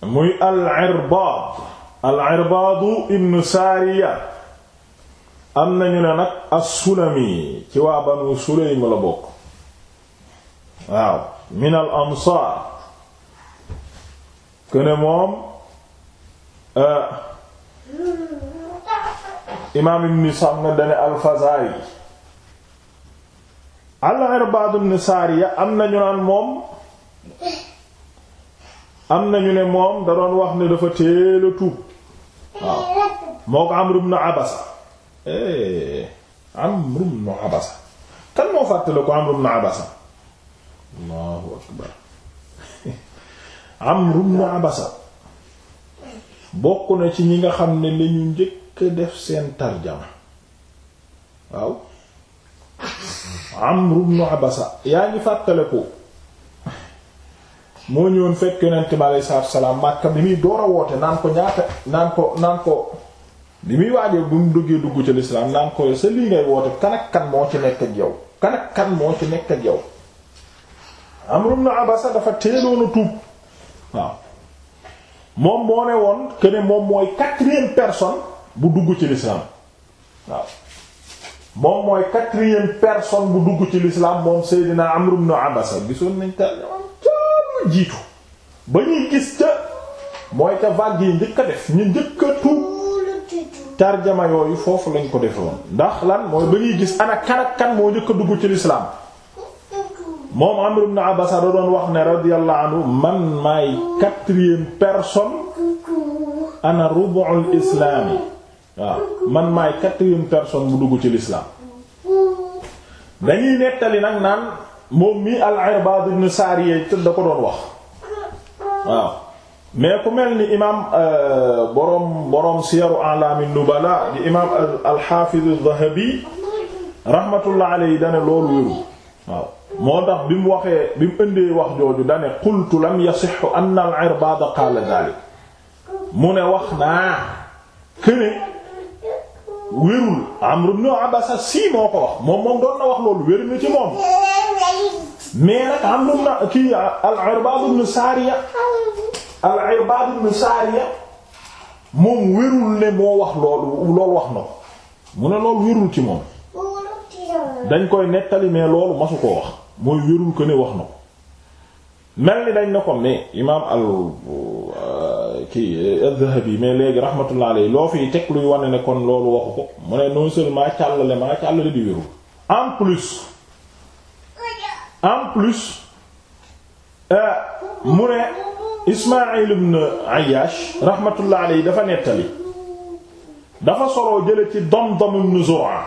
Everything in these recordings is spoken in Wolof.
muy al-Irbaad al-Irbaad ibn Saariya am nañu ne nag as-Sulami ci waa Banu Sulaym la bokk waaw min al-Ansaar këne moom eh, imaam ibn Sa'd na dane al-Fazaari al-Irbaad ibn Saariya am nañu naan moom am na nañu ne moom da doon wax ne dafa teel a tuub waaw moo ko Amru ibn Abasa eh Amru ibn Abasa kan moo fàttale ko Amru ibn Abasa Allahu akbar Amru Abasa bokk na ci ñi nga xam ne li ñu njëkk def seen tarjama waaw Amru ibn Abasa yaa ngi fàttale ko moo ñëwoon fekk yonent bi aleyhi salaatu salaam Makka bi muy door a woote naan ko ñaata naan ko naan ko bi muy waajee bu mu duggee dugg ci lislaam naan ko sa lii ngay woote kan moo ci nekk ak yow kan moo ci nekk ak yow. Abasa dafa teeloon a tuub waaw moom moo ne woon que moom mooy quatrième bu dugg ci lislaam waaw moom mooy quatrième personne bu dugg ci lislaam moom Seydina Abasa gisoon nañ teel jiitu ba ñuy gis ca mooy ca vague yi njëkk a def ñu njëkk a tuub yooyu foofu lañ ko defe woon ndax lan mooy ba ñuy gis ana kan kan moo njëkk a dugg ci lislaam moom Amr na Abbas da doon wax ne radiyallahu anhu man maay quatrième personne ana rubu'ul islam yi waaw man maay quatrième personne bu dugg ci lislaam dañuy nettali nag naan moom mii al-Irbaad ibn Saariya da ko doon wax waaw mais ku mel ni imaam euh, boroom boroom Siyaru A'laami Nubala di imaam al-Haafiz az-Zahabi rahmatullah alayhi dane loolu wéru waaw moo tax bi mu waxee bi mu ëndee wax jooju dane qultu lam yasihhu anna al-Irbaad qaala daalik mu ne wax naa këne wérul Amr ibn Abasa si moo ko wax moom moom doon na wax loolu wéru ni ci moom mais nag am na kii ah, al-Irbaad ibn Saariya al-Irbaad ibn Saariya moom wérul ne moo wax loolu loolu wax na ko mu ne loolu wérul ci moom dañ koy nettali mais loolu wax mooy wérul ko ne wax na ko mel ni dañ na ko ne imaam al euh, kii az-Zahabi mais léegi rahmatullah alayhi loo fiy teg luy wane ne kon loolu waxu ko mu ne non seulement càllale ma càllale di wérul en plus en plus euh, mu ne Ismaïl ibn Ayyash rahmatullah alayhi dafa nettali dafa soloo jële ci Damdam ibn Zur'a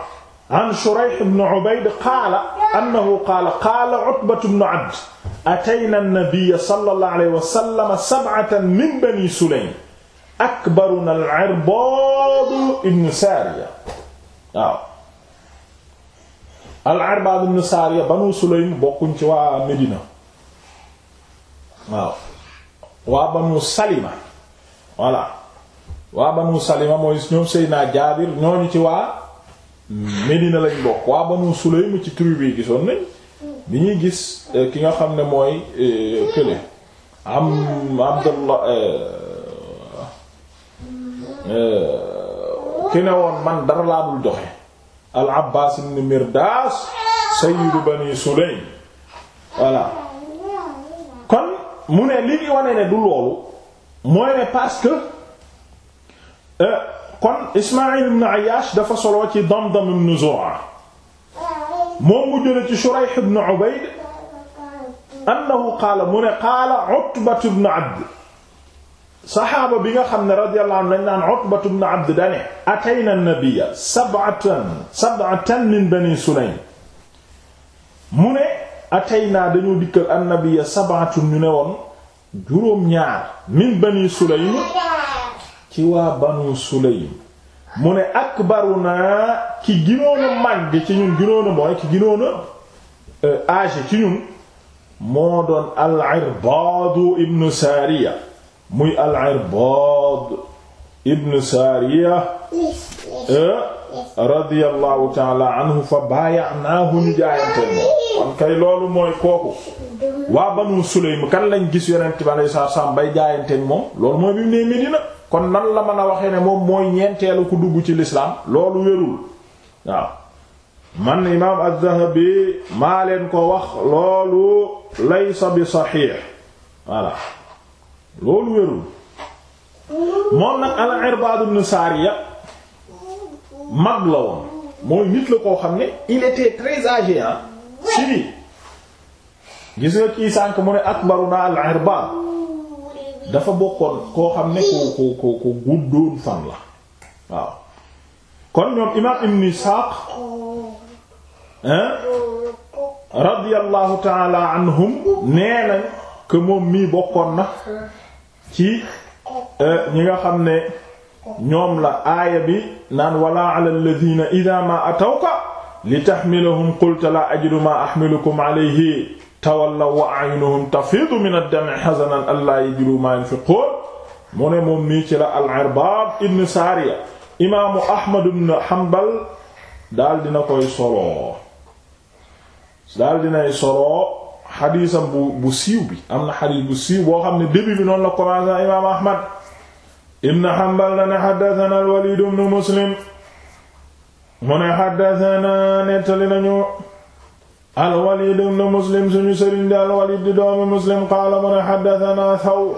an Shurayh ibn Ubayd qaala annahu qaala qaala Utbatu ibn Abd atayna an-nabiyya sallallahu alayhi wa sallam sab'atan min bani Sulaym akbaruna al-Irbaad ibn Saariya waaw al Irbaad ibn Saariya Banu Sulaym bokkuñ ci waa Medina waaw waa Banu Salima voilà waa Banu Salima mooy ñoom Seydina Jaabir ñooñu ci waa Medina lañ bokk waa Banu Sulaym ci tribu bi gisoon nañ bi ñuy gis eh, ki nga xam ne mooy eh, kële am Abdullah eh, ki ne woon man dara laa dul joxe al abbaas ibn mirdaas sayyidu bani sulaym voilà kon mu ne li ngi wane ne du loolu mooy ne parce que euh, kon ismail ibn ayash dafa soloo ci damdam ibn zur'a moom mu jële ci shurayh ibn ubayd annahu qaala mu ne qaala utbatu ibn abd saxaaba bi nga xam ne radiyallahu anhu dañ naan Utbatu ibn Abd dane atayna an-nabiyya sab'atan sab'atan min bani Sulaym mu ne atayna dañu dikkal an-nabiyya ñu ne woon juróom-ñaar min bani Sulaym ci waa banu Sulaym mu ne akbaruna ki ginoon a ci ñun ginoon mooy ki ginoon a euh, ci ñun moo doon al-Irbaad ibn Saariya muy al-Irbaad ibn Saariya eh, radiyallahu taala anhu fa baayanaahu ñu jaayante kon kay loolu mooy kooku waa Banu Sulaym kan lañ gis yonent bi alayhi salaam bay jaayanteeg moom loolu mooy bi mu nee Medina kon nan la mën a waxee ne moom mooy ñeenteelu ku dugg ci lislaam loolu wérul waaw man imaam az-Zahabi maa leen ko wax loolu laysa bi saxiix voilà loolu wérul moom nag al Irbaad ibn mag la woon mooy nit la koo xam ne il était très âgé ah si bi gis nga kii sànk mu ne akbaruna al Irbaad dafa bokkoon koo xam ne ku ku ku guddoon fan la waaw kon ñoom imaam ibn Isaaq radiyallahu taala anhum nee nañ que moom mii bokkoon na ci euh, ñi nga xam ne ñoom la aaya bi naan wala ala alladhina idha ma atawka li tahmilahum qulta la ajidu ma ahmilukum alayhi tawallaw wa a'yunuhum tafidu min ad-dam'i hazanan alla ma yunfiqun mu ne moom nii al-Irbaad ibn Saariya imaamu Ahmad ibn Hanbal daal dina koy solo solo xadiisam bu bu siiw bi am na xadiis bu siiw boo xam ne début bi noonu la commencé imaam Ahmad ibn Hanbal dane xaddatana al-Walid ibn Muslim mu ne xaddatana nettali nañu al-Walid ibn Muslim suñu sëriñ di al-Walid di doomi Muslim qaala mu ne xaddatana Thawr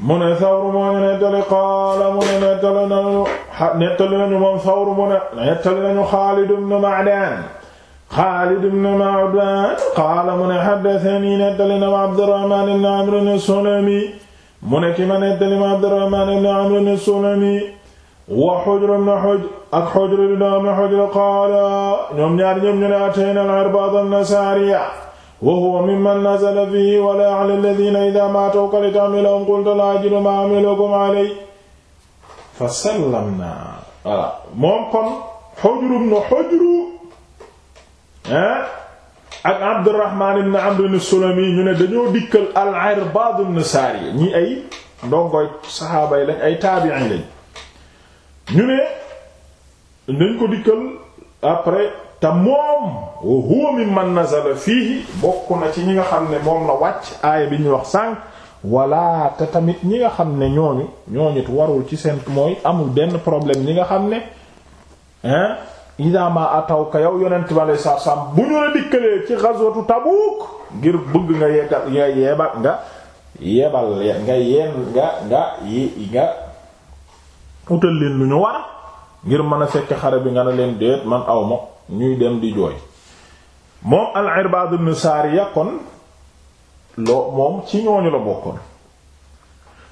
mu ne Thawr moo ñu nettali qaala mu ne nettali nañu nettali nañu moom Thawr mu ne nettali nañu Xaalid ibn Ma'daan Xaalid ibn Ma'daan qaala mu ne haddathanii nettali na ma Abdurrahmaan ibn Amr as-Sulami mu ne ki ma nettali ma Abdurrahmaan ibn Amr as-Sulami wa Hujr ibn Hujr ak Hujr ibn Hujr qaala ñoom ñaar ñoom ñu ne ataynaa al-Irbaad an-Nasaariya wa huwa mimman nazala fiihi wa laa 'alaa alladhiina idhaa maatawka litahmilahum qulta laa ajidu maa ahmilukum 'alayhi fa sallamnaa moom kon Hujr ibn Hujr ak Abdurrahman ibn Amr as ñu ne dañoo dikkal al saar ibn ñi ay ndongoy saxaaba yi lañ ay taabi'in lañ ñu ne dañ ko dikkal après te moom wa huwa mimman nazala fiihi bokk na ci ñi nga xam ne moom la wàcc aaya bi ñuy wax sànq wala te tamit ñi nga xam ne ñooñu ñooñu warul ci seen mooy amul benn problème ñi nga xam ne hein idama atawka yow yonent bi alei saa bu ñu la dikkalee ci ghazwatu Tabuk ngir bëgg nga yeggal nga yeebal nga yebal nga yeen nga nga yi nga utal leen lu ñu war ngir mën a fekk xare bi nga ne leen déet man aw ma ñuy dem di jooy moom al-Irbad ibn Sariya kon loo moom ci ñooñu la bokkoon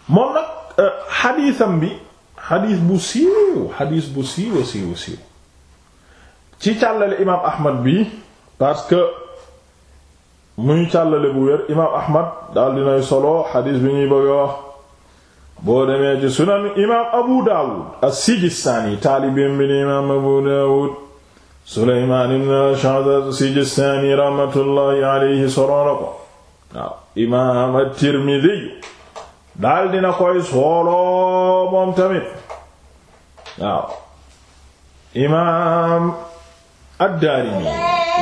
moom nag euh, xadiisam bi xadiis bu siiw xadiis bu siiw siiw siiw ci càllale imaam ahmad bi parce que muy càllale bu wér imaam ahmad daal dinay solo xadiis bi ñuy bëgg wax sunan imaam abu daawud as-sijistaani taalibiin bi ni imaam abu daawud suleymaan ibn ash'ath as-sijistaani raxmatullaahi alayhi solo na ko waaw imaam at-tirmidhi daal solo moom tamit waaw ad-Daarimi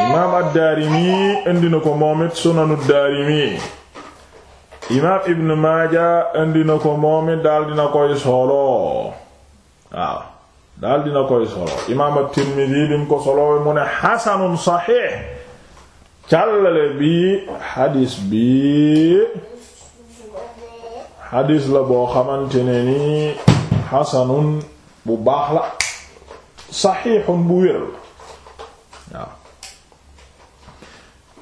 imaam ad-Daarimi indi na ko moom it sunanu ad imaam Ibn Maaja indi na ko moom it daal dina koy solo waaw daal dina koy solo imaam at-Tirmidi bi mu ko solo mu ne xasanun saxiix càllale bi xadiis bi xadiis la boo xamante ne ni xasanun bu baax la saxiixun bu wér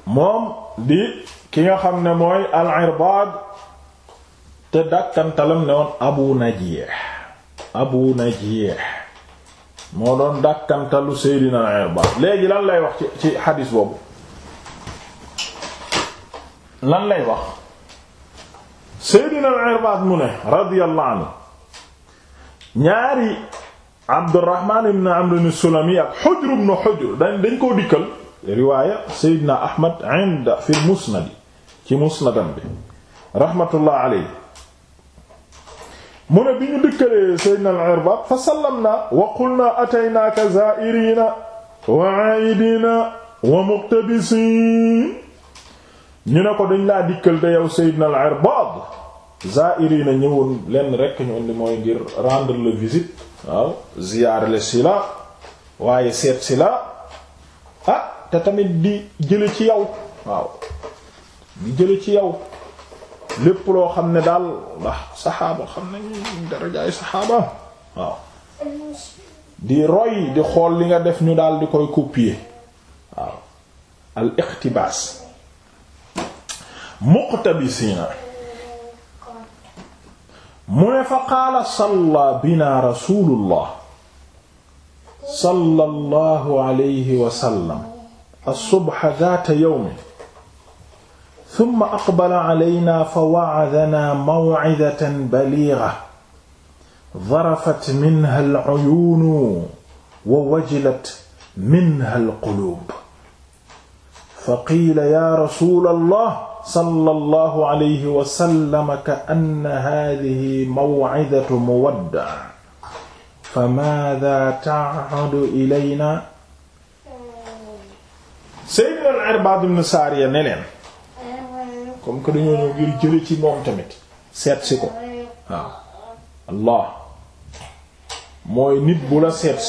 moom di ki nga xam ne mooy al-Irbaad te dàkkantalam ne woon Abu Najiih Abu Najiih moo doon dàkkantalu Seydina al-Irbaad léegi lan lay wax ci ci xadiis boobu lan lay wax Seydina al-Irbaad mu ne radiyallahu anhu ñaari Abdurrahmaan ibn Amr as-Sulami ak Hujr ibn Hujr dañ dañ koo dikkal riwaaya Seydina Ahmad inda fi musnadi ci musnadam bi rahmatullah alayhi mu ne bi ñu dikkalee al-Irbaad fa sallamna wa qulna ataynaaka zaa'iriina wa aa'idiina wa muqtabisiin ñu ne ko dañ laa dikkal te yow Seydina al-Irbaad zaa'iriina ñëwoon lenn rekk ñu indi mooy ngir rendre le visite waaw le si la waaye seet si te tamit di jële ci yow waaw di jële ci yow lépp loo xam ne daal ndax saxaaba xam nañu darajaay saxaaba waaw di roy di xool li nga def ñu daal di koy copier waaw al iqtibaas muqtabisiina mu ne fa qaala salla bina rasulullah sallallahu alayhi wa as-subha zaata yawmin thumma aqbala calaynaa fa wa'adanaa maw'idatan baliighatan darafat minha al-cuyuunu wa wajilat minha al-quluub faqiila yaa rasuulallah sallallahu alayhi wa sallam ka'anna haadihi maw'idatu muwadda' famaadaa tac'udu ilaynaa Sayyidna al-Irbaad ibn comme que dañoo ngir jële ci moom tamit seet si ko waaw Allah mooy nit bu la seet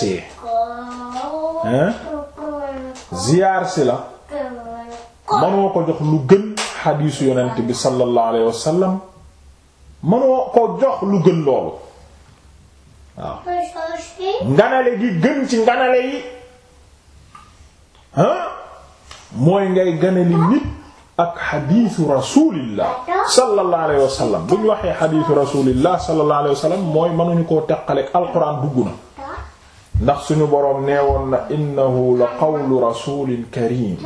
hein ziyaar si la mënoo ko jox lu gën xadiisu yonent bi sallallahu alayhi wa mënoo ko jox lu gën loolu waaw nganale gi gën ci nganale yi hein mooy ngay ganali nit ak xadiisu rasulillah sallallahu alayhi bu ñu waxee xadiisu rasulillah sallallahu alayhi wa sallam mooy mënuñu koo teqaleeg alquran dugg na ndax suñu boroom nee woon na innahu la qawlu rasulin karim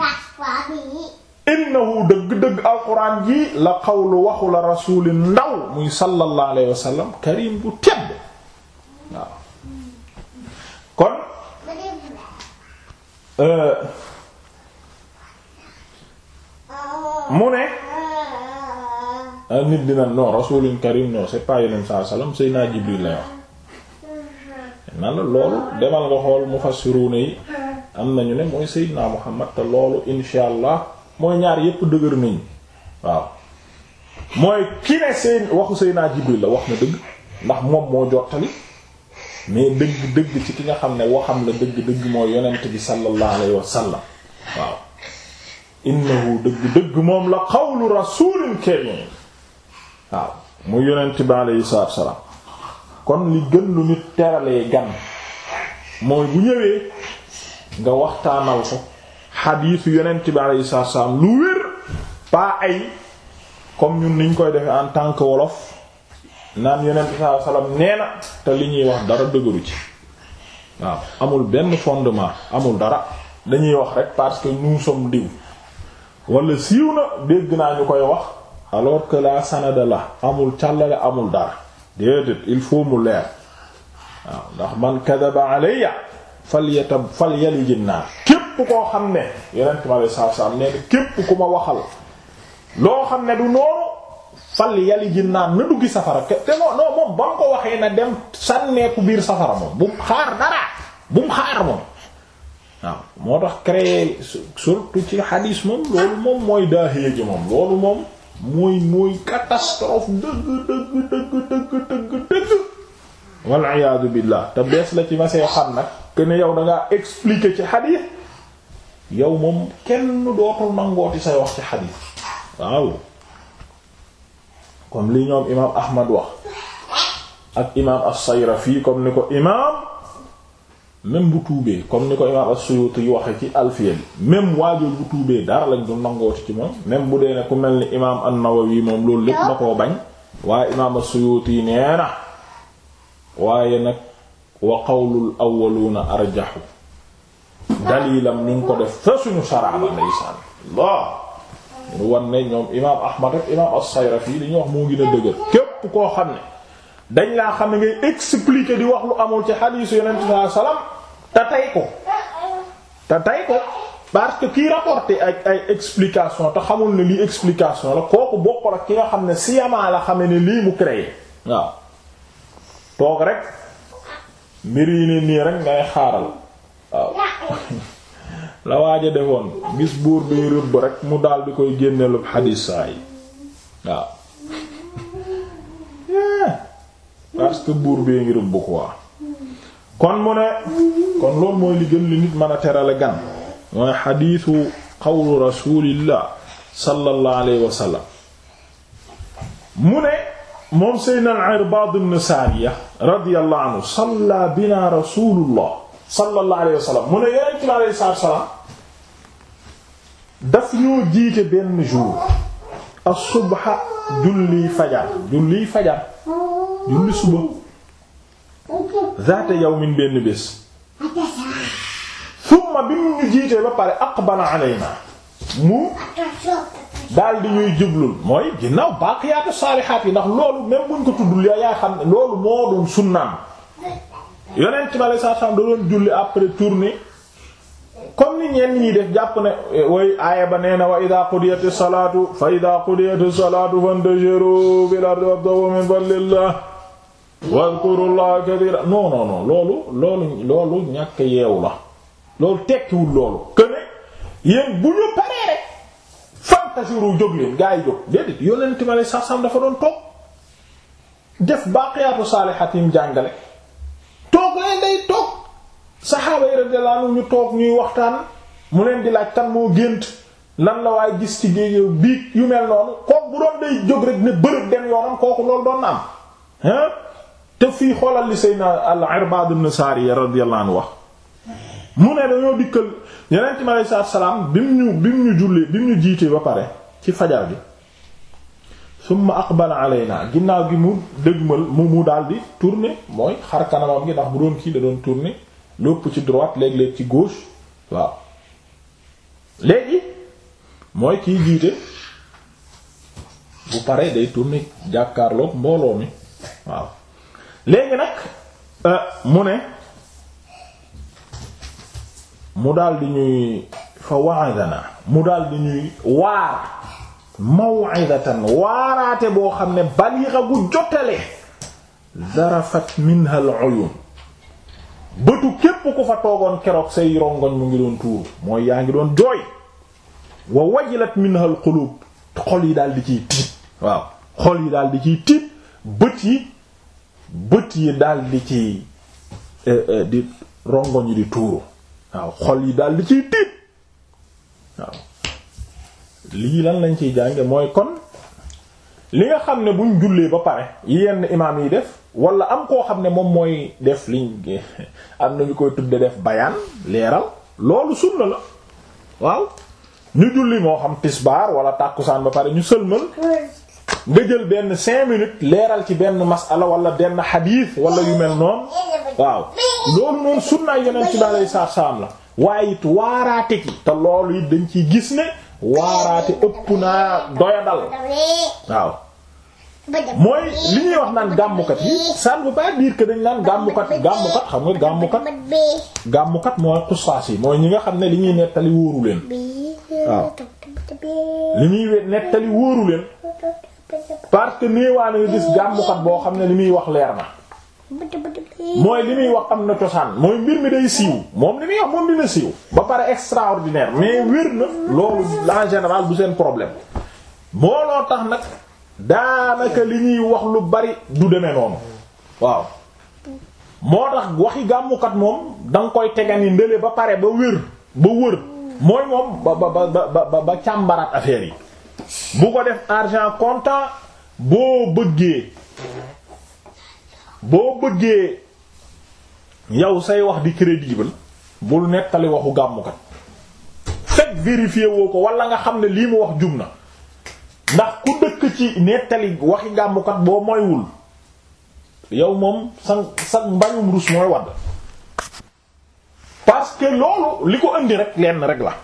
innahu dëgg-dëgg alquran ji la qawlu waxu la rasulin ndaw muy sallallahu alayhi wa sallam tedd mu ne ah, nit dina non rasulun karim non c'est pas yonent saa salaam sey Jibril lay wax nan la loolu demal nga xool mufassiruna yi am nañu ne mooy Seydina Muhammad te loolu insha allah mooy ñaar yépp dëgër nañu waaw mooy ki ne seen waxu Seydina Jibril la wax na dëgg ndax moom moo jottali mais dëgg dëgg ci ki nga xam ne waxam la dëgg dëgg moo yonent bi sallallahu alayhi wa waaw innahu dëgg dëgg moom la qawlu rasulin karim waaw mu yonent bi aleyhi salaam kon li gën lu nit teralee gan mooy bu ñëwee nga waxtaanal ko xadiisu yonent bi aleyhi salaatu salaam lu wér pas ay comme ñun niñ koy defee en tant que wolof naan yonent bi salaatu salaam nee na te li ñuy wax dara dëgëru ci waaw amul benn fondement amul dara dañuy wax rek parce que nous diw wala siiw na dégg naa ñu koy wax alors que la sanada la amul càllale amul dara déedéet il faut mu leer waaw ndax man kadaba alayya falyata falyalij naar képp koo xam ne yeneen ma lay saaf saaf nee képp ku ma waxal loo xam ne du noonu falyalij naar na duggi safara te non non moom ba ko waxee na dem sànneeku biir safara moom bu mu xaar dara bu mu xaar moom. waaw moo tax créer surtout ci xadiis moom loolu moom mooy daaxiya ji moom loolu moom mooy mooy catastrophe dëgg dëgg dëgg dëgg dëgg dëgg walla iyaadu billaah te bees la ci ma see xam nag que ne yow dangaa expliquer ci xadiis yow moom kenn dootul nangooti say wax ci xadiis waaw comme li ñoom imaam Ahmad wax ak imaam as-Sayrafi comme ni ko imaam même bu tuubee comme ni ko imaam as-Suyuti yu waxe ci alfiya bi même waajur bu tuubee dara lañ du nangooti ci moom même bu dee ne ku mel ni imaam an-Nawawi moom loolu lépp na koo bañ waaye imaam as-Suyuti nee na waaye nag wa qawlul awwaluuna arjaxu dalilam ñu ngi ko def fa suñu saraaba ndeysaan ne ñoom imaam Ahmad ak imaam as-Sayrafi li ñu wax moo gën a dëgër képp koo xam ne dañ laa xam ne ngay expliquer di wax lu amul ci xadiisu Yonent sallallahu alayhi wasallam te tay ko te tay ko parce que kii rapporté ay explication te xamul ne lii explication la kooku bokkul ak ki nga xam ne siyamaa la xame ne lii mu créé waaw toog rek mbir yi ne nii rek ngay xaaral waaw la waaja defoon gis buur bi rëbb rek mu daal di koy génneelu xadiis saa yi waaw eh. parce que buur bee ngi rëbb quoi kon mu ne kon loolu mooy li gën li nit mën a terale gan mooy xadiisu qawlu rasulillah sallallahu alayhi wa sallam mu ne moom seydna al Irbaad ibn Saariya radiyallahu anhu salla bina rasulullah sallallahu mu ne yonent bi alayhi salaam daf ñoo jiite benn jour as-subha julli fajar julli fajar julli suba zaata yawmin benn bés summa bi mu ñu jiitee ba pare aqbala alaynaa mu daal di ñuy jublul mooy ginnaaw baaqiyaatu saalihaat yi ndax loolu même buñ ko tuddul yaa xam ne loolu moo doon sunnaam yonent bi alayhi salaam da julli après tournée comme ni ñenn ñi def jàpp ne eh, way aaya ba nee na wa idha qudiyati salaatu fa idha qudiyati salaatu fantashiru fil ardi wabtaghu min fadlillah wadhkurullaha kathiira non non non loolu loolu loolu ñàkk yeewu la loolu tekkiwul loolu que ne yéen bu ñu paree rek fantasiru jóg leen gaa yi jóg déedéet yonent ma ne sax sax dafa doon toog def baaqiyaatu saalihaat yi jàngale toog leen day toog saxaaba yi radiyallahu ñu toog ñuy waxtaan mu leen di laaj tan moo gént lan la waaye gis ci géej biig yu mel noonu kooku bu doon day jóg rek ne bërëb dem yoonam kooku loolu doon na am te fii xoolal li Seydina al-Irbaad ibn Saariya radiyallahu anhu wax mu ne dañoo dikkal Yonent mi alayhi salaam bi mu ñu bi mu ñu jullee bi mu ñu jiitee ba pare ci fajar bi summa aqbala alayna ginnaaw gi mu dëgmal mu mu daldi tourner mooy xar kanamam gi ndax bu doon kii da doon tourner lépp ci droite léeg-léeg ci gauche waaw mooy kiy jiite bu pare day tourner jàkkaarloog mbooloo mi waaw léegi nag euh, mu ne mu daal di ñuy fa wa'adana mu daal di ñuy waar maw'izatan waaraate boo xam ne baliixa bu jotale dara fat al-uyun bëtu képp ku fa toogoon keroog say rongoñ mu ngi doon tuur mooy yaa ngi doon jooy wa wajilat minha al xol yi daal di ciy tiit waaw xol yi daal di ciy tiit bët yi bët yi daal di ci eh, eh, di rongoñ yi di tuuru waaw xol yi daal di ciy tiit waaw lii lan lañ ciy jànge mooy kon li nga xam ne buñ jullee ba pare yenn imaam yi def wala am koo xam ne moom mooy def li am nañu koy tuddee def bayaan leeral loolu sunna la waaw ñu julli moo xam tisbaar wala tàkkusaan ba pare ñu sëlmal nga jël benn cinq minutes leeral ci benn masala walla benn xadiis wala yu mel noonu waaw loolu noonu sunnaay yonent bi alayhi salaam la waaye it waaraate ki te loolu it dañ ci gis ne waaraate ëpp naa doyadal waaw mooy li ñuy wax naan gàmmukat yi ça ne veut pas dire dañ naan gàmmukat gàmmukat xam nga gàmmukat gàmmukat mooy xusaas yi mooy ñi nga xam ne li ñuy nettali wóoru leen waaw li ñuy nettali wóoru leen parce que néewaane nga gis gàmmukat boo xam ne li muy wax leer na mooy li muy wax am na cosaan mooy mbir mi day siiw moom li muy wax moom dina siiw ba pare extraordinaire mais wér na loolu la général du seen problème moo loo tax nag daanaka li ñuy wax lu bari du demee noonu waaw moo tax waxi gàmmukat moom danga koy tegani ndële ba pare ba wér ba wër mooy moom ba ba ba ba ba càmbaraat affaire yi bu ko def argent comptant boo bëggee boo bëggee yow say wax di crédible bul nettali waxu gàmmukat fekk vérifier woo ko wala nga xam ne lii mu wax jum na ndax ku dëkk ci nettali waxi gàmmukat boo moywul yow moom sa sa mbañum rus mooy wadd parce que loolu li ko indi rek lenn rek la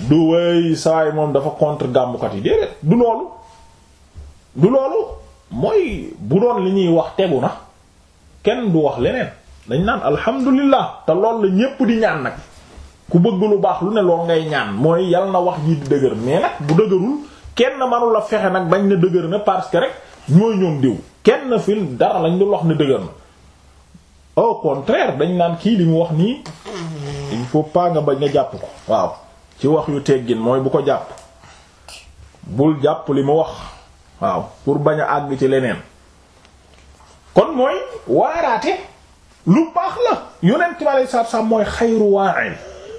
du wéy saay moom dafa contre gàmmukat yi déedéet du loolu du loolu mooy bu doon li ñuy wax tegu na kenn du wax leneen dañ naan alhamdulillah te loolu la ñépp di ñaan nag ku bëgg lu baax lu ne lool ngay ñaan mooy yal na wax ji di dëgër mais nag bu dëgërul kenn manula fexe nag bañ na dëgër na parce que rek mooy ñoom diw kenn fi dara lañ dul wax ne dëgër na au contraire dañ naan kii li mu wax nii il faut pas nga bañ nga jàpp ko waaw ci wax yu teggin mooy bu ko jàpp bul jàpp li mu wax waaw pour bañ a àgg ci leneen kon mooy waaraate lu baax la yu bi alei satu mooy xayru waain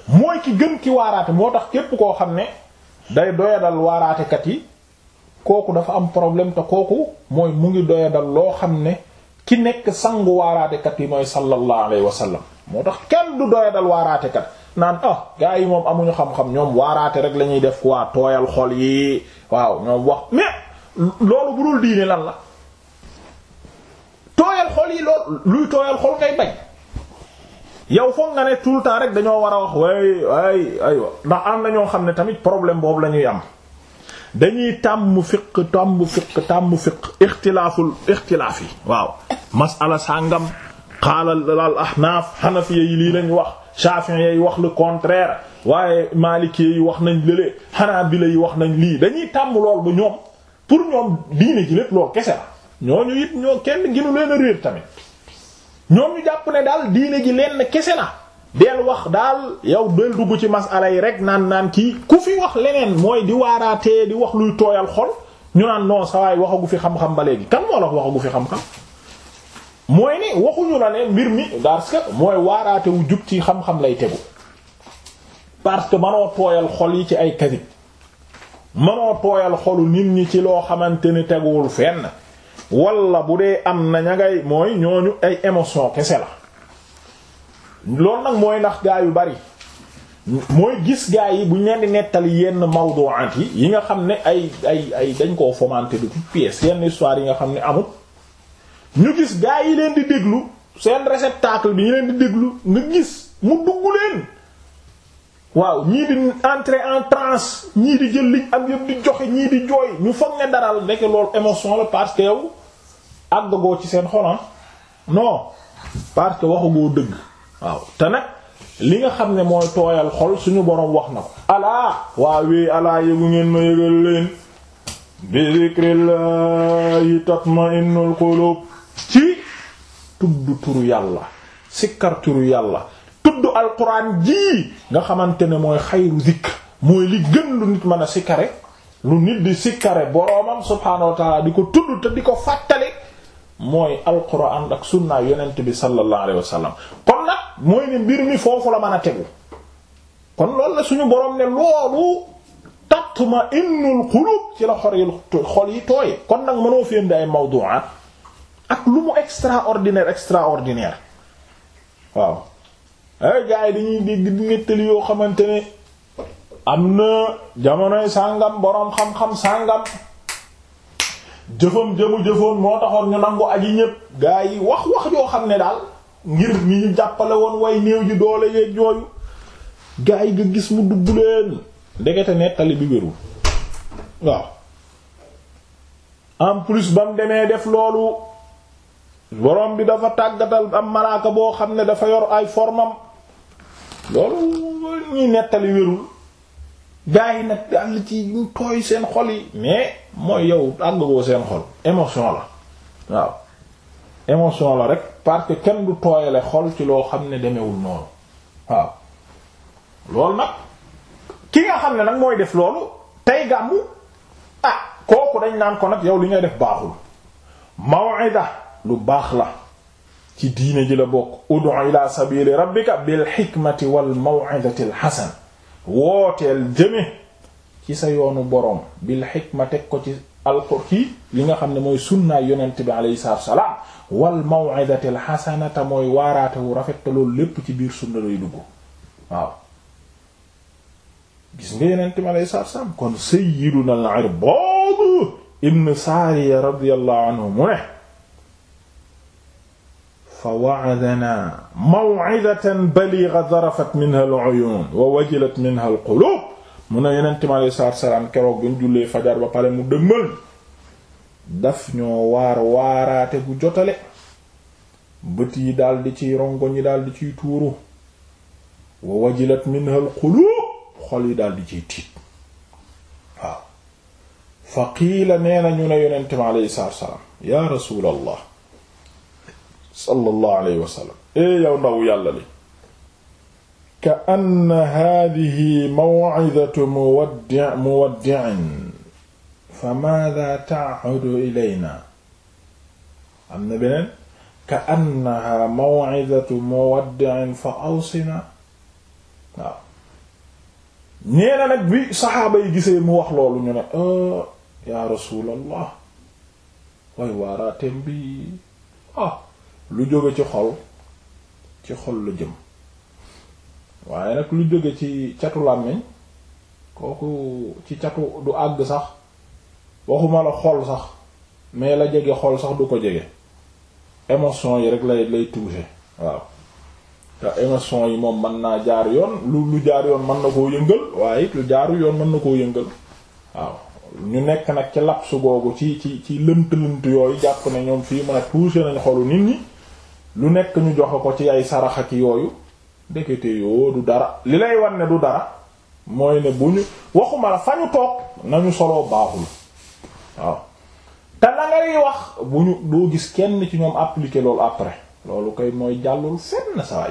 mooy ki gën ki waaraate moo tax képp koo xam ne day doyadal waaraatekat yi kooku dafa am problème te kooku mooy mu ngi doyadal loo xam ne ki nekk sangu waaraatekat yi mooy sallallahu alayhi wa sallam moo tax kenn du doyadal waaraatekat naan ah gars yi moom amuñu xam-xam ñoom waaraate rek lañuy ñuy def waa tooyal xol yi waaw ñoom wax mais loolu bu dul diine lan la tooyal xol yi loolu luy tooyal xol ngay bañ yow foog nga ne tout le temps rek dañoo war a wax way ay ndax am na ñoo xam ne tamit problème boobu lañuy am dañuy tàmm fiq tàmm fiq tàmm fiq ixtilaaful ixtilaaf yi waaw masala sàngam xaalal al ahnaaf xanafiya yi lii lañ wax Shafi'i yi wax le contraire waaye Maliki yi wax nañ lële Hanabila wax nañ lii dañuy tàmm lool ba ñoom pour ñoom diine ji lépp lool kese la ñooñu it ñoo kenn ginu leen a réer tamit ñoom ñu jàpp ne daal diine ji lenn kese na del wax daal yow del dugg ci masala yi rek naan naan kii ku fi wax leneen mooy di waaraatee di wax luy tooyal xol ñu naan non sawaay waxagu fi xam-xam ba léegi kan moo la waxagu fi xam-xam mooy ne waxuñu la ne mbir mi parce mooy waaraate wu jub ci xam-xam lay tegu parce que manoo tooyal xol yi ci ay kasib manoo tooyal xolu nit ñi ci loo xamante ni teguwul fenn wala bu dee am na ña ngay mooy ñooñu ay émotion kese la lool nag mooy ndax gaa yu bari mooy gis gaa yi bu leen di nettali yenn mawdu'at yi yi nga xam ne ay ay ay dañ koo fomenter de toutes yenn histoire yi nga xam ne amul ñu gis gaa yi leen di déglu seen réceptacle bi ñu leen di déglu nga gis mu dugg leen waaw ñii di entrer en trance ñii di jël liñ am yëpp di joxe ñii di jooy ñu foog ne daral nekk loolu émotion la parce que yow àggagoo ci seen xolan ah. no parce que waxagoo dëgg waaw te nag li nga xam ne mooy tooyal xol suñu boroom wax na ko alaa waawee alaa yëgu ngeen ma yëgal leen bi zikrillahi tatma'innul qulub ci tudd turu yàlla sikkar turu yàlla tudd alquran jii nga xamante ne mooy xayru zikr mooy li gën lu nit mën a sikkare lu nit di sikkare boroomam subhaanahu wa di ko tudd te di ko fàttali mooy alquran ak sunnaa yonent bi sallallahu alayhi wa sallam kon nag mooy ne mbir mi foofu la mën a tegu kon loolu la suñu boroom ne loolu tatma innul qulub ci la xor yi xol yi tooye kon nag mënoo fi indi ay mawdu'at ak lu mu extraordinaire extraordinaire waaw ay eh, gars yi dañuy dégg di nettali yoo xamante ne am na jamonoy sàngam boroom xam-xam sàngam jëfam jëmu jëfoon moo taxoon ñu nangu aji ñépp gars yi wax wax yoo xam ne daal ngir ñi ñu jàppale woon way néew ji doole yeeg yooyu gars yi nga gis mu dugg leen ndekete nettali bi wérul waaw en plus ba demee def loolu borom bi dafa tàggatal am malaaka boo xam ne dafa yor ay formam loolu ñuy nettali wérul gaa yi nag dal ci ñu tooy seen xol yi mais mooy yow àggagoo seen xol émotion la waaw émotion la rek parce que kenn du tooyale xol ci loo xam ne demewul noonu waaw loolu nag ki nga xam ne nag mooy def loolu tey gàmmu ah kooku dañ naan ko nag yow li ngay def baaxul maw'ida lu baax la ci diine ji la bokk ud'u ila sabili rabbika bil hikmati wal maw'izati al hasan ci sa yoonu boroom bil li nga xam ne mooy sunnaay yonent bi alayhi salaatu wasalaam wal maw'izati al hasanata mooy waaraate lépp ci biir sunna lay dugg waaw gis nga yonent bi alayhi salaatu wasalaam kon sayyiduna al-Irbaad ibn Saariya radiyallahu anhu mu ne fa wa'adanaa maw'izatan baliighatan zarafat minhaa al-'uyuun wa wajilat minhaa al-quluub mu ne Yonent mi alayhi salaatu wa salaam keroog bi ñu jullee fajar ba pare mu dëmmal daf ñoo waar waaraate gu jotale bët yi daldi ciy rongoñ yi daldi ciy tuuru wa wajilat minhaa al-quluub xol yi daldi ciy tiit waaw fa qiila nee na ñu ne Yonent mi alayhi salaatu wa salaam yaa Rasuulallah sallallahu alayhi wa sallam ee eh, yow ndaw yàlla li ka anna haadihi maw'izatu muwaddi' muwaddi'in fa maadha ta'udu ilayna am na beneen ka annaha maw'izatu muwaddi'in fa awsina waaw nee na nag bi saxaaba yi gisee mu wax loolu ñu ne ah, yaa rasuulallah way waaraatee bi ah lu jóge ci xol ci xol la jëm waaye nag lu jóge ci catu làmmiñ kooku ci catu du àgg sax waxuma la xol sax mais la jege xol sax du ko jege émotion yi rek lay lay touché waaw te émotion yi moom mën naa jaar yoon lu lu jaar yoon mën na koo yëngal waaye lu jaaru yoon mën na koo yëngal waaw ñu nekk nag ci lapsu googu ci ci ci lënt lënt yooyu jàpp na ñoom fii mën a touché nañ xolu nit ñi lu nekk ñu jox ko ci ay sarax ak yooyu ndekete yoo du dara li lay wan ne du dara mooy ne bu ñu waxuma la fa ñu toog nañu soloo baaxul waaw te la ngay wax bu ñu doo gis kenn ci ñoom appliquer loolu après loolu kay mooy jàllul fenn saa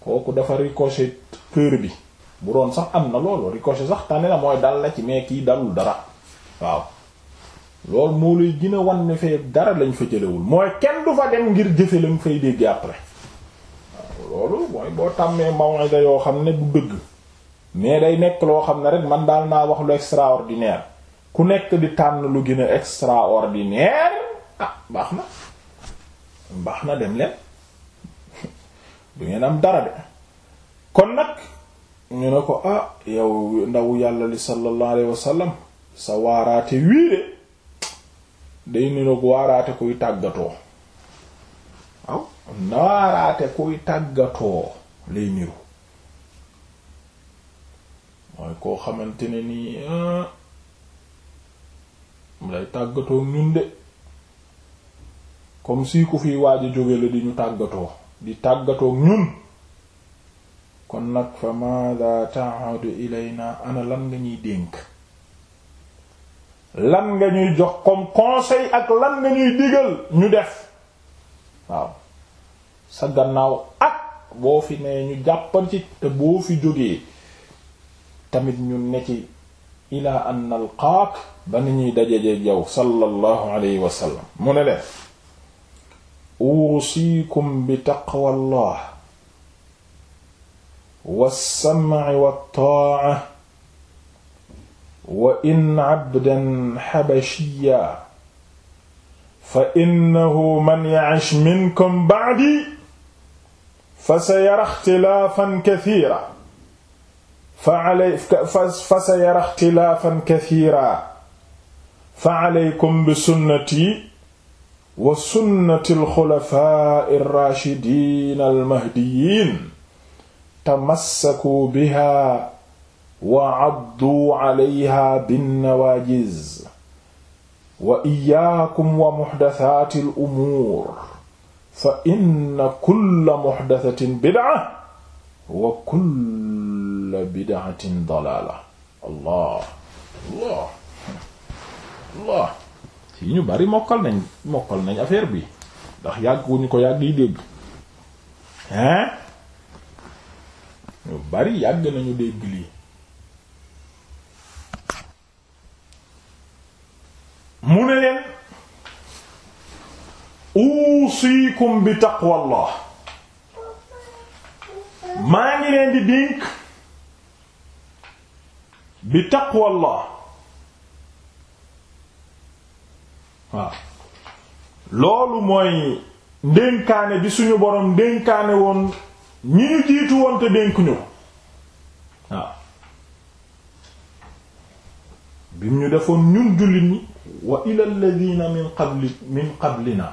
kooku dafa ricochet peur bi bu doon sax am na loolu ricochet sax tane na mooy dal la ci mais kii dalul dara waaw loolu moo lay gën a wan ne fee dara lañ fa jëlewul mooy kenn du fa dem ngir jëfe lañ fay dégg après waaw loolu mooy boo tàmmee mawida yoo xam ne bu dëgg mais day nekk loo xam ne rek man daal naa wax lu extraordinaire ku nekk di tànn lu gën a extraordinaire ah baax na baax na dem leen du ngeen am dara de kon nag ñu ne ko ah yow ndaw yàlla li sallallahu alayhi sa waaraate wii de day niroog waaraate kuy tàggatoo waaw na waaraate kuy tàggatoo lay niru mooy koo xamante ne nii ah, mu lay tàggatoo ñun de comme si ku fiy waaj jóge la di ñu tàggatoo di tàggatoo ñun kon nag fa maada ta'udu ilayna ana lan nga ñuy dénk lan nga ñuy jox comme conseil ak lan nga ñuy digal ñu def waaw sa gannaaw ak boo fi nee ñu jàppan ci te boo fi jógee tamit ñu ne ci ila an nalqaak ba ni ñuy dajejeeg jaw sallallahu alayhi wa mu ne leen uusikum bi taqwa allah wa sam'i wa ta'a wa in abdan xabashiya fa innahu man ya'ish minkum ba'di fa sayara ixtilaafan kathiira fa alay fa sayara ixtilaafan kathiira fa alaykum bi sunnati wa sunnati al-xulafaa'i ar-raashidiina al-mahdiyyiin tamassaku bihaa wa addu alayha binnawaajiz wa iyyaakum wa muxdasaati al-umuur fa inna kulla muxdasatin bid'a wa kulla bid'atin dalaala allah allah allah ci ñu bari mokkal nañ mokkal nañ affaire bi ndax yàgg wu ñu ko yàgg yi dégg hein ñu bari yàgg nañu dégg lii mu ne leen uusikum bi taqwallah maa ngi leen di dénk bi taqwallah waaw loolu mooy ndénkaane bi suñu boroom ndénkaane woon ñi ñu jiitu woon te dénk ñu bi ñu defoon ñun jullit ni wa ila alladhina min qabli min qablina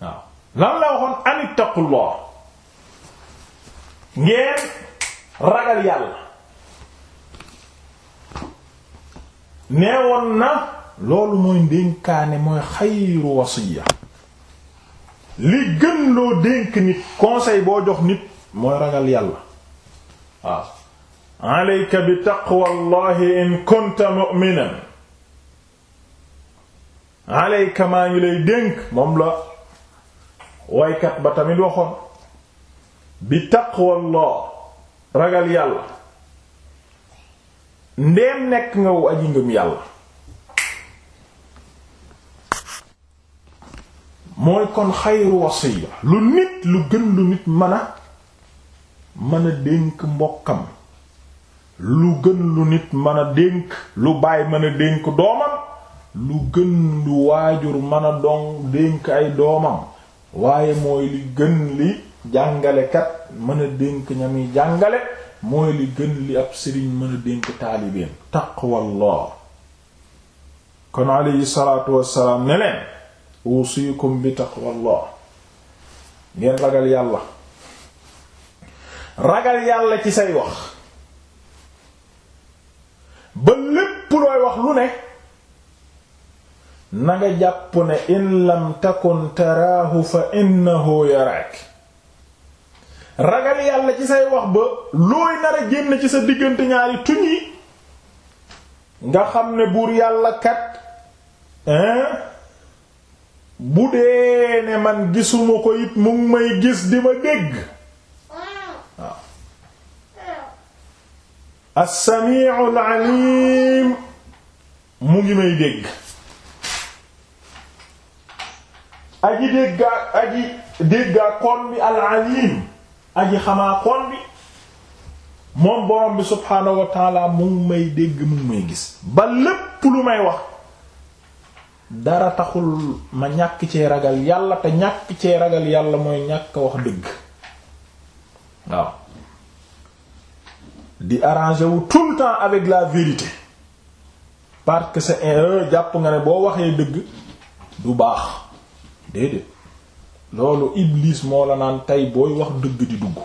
waaw lan la waxoon an ittaqullah ngeen ragal yàlla neewoon na loolu mooy ndénkaane mooy xayru wasiya li gën loo dénk nit conseil boo jox nit mooy ragal yàlla waaw alayka bi taqwa in kunta mu'minan alayka maa ngi lay dénk moom la waykat ba tamit waxoon bi taqwa allah ragal yàlla ndeem nekk nga wu aji ngëm yàlla mooy kon xayru wasiya lu nit lu gën lu nit mën a mën a dénk mbokkam lu gën lu nit mën a dénk lu baay mën a dénk doomam lu gën lu waajur mën a don dénk ay doomam waaye mooy li gën li jàngalekat mën a dénk ñami jàngale mooy li gën li ab sëriñ mën a dénk taalibeen taqwallah kon alayhi salaatu wassalaam ne leen usikum bi taqwallah ngeen ragal yàlla ragal yàlla ci say wax ba lépp looy wax lu ne nanga nga jàpp ne in lam takun taraahu fa innahu yaraak ragal yàlla ci say wax ba looy nar a génn ci sa diggante ñaari tuñ yi nga xam ne buur yàlla kat bu dee ne man gisuma ko it mu may gis di ma dégg as mu ngi may dégg aji déggaa aji déggaa kon bi al-alim aji xamaa kon bi moom borom bi subhaanahu wa mu ngi may dégg mu ngi may gis ba lépp lu may wax dara taxul ma ñàkk cee ragal yàlla te ñàkk cee ragal yàlla mooy ñàkk wax dëgg waaw di arranger wu tout le temps avec la vérité parce que c'est un jàpp nga ne boo waxee dëgg du baax déedéet loolu Iblis moo la naan tey booy wax dëgg di dugg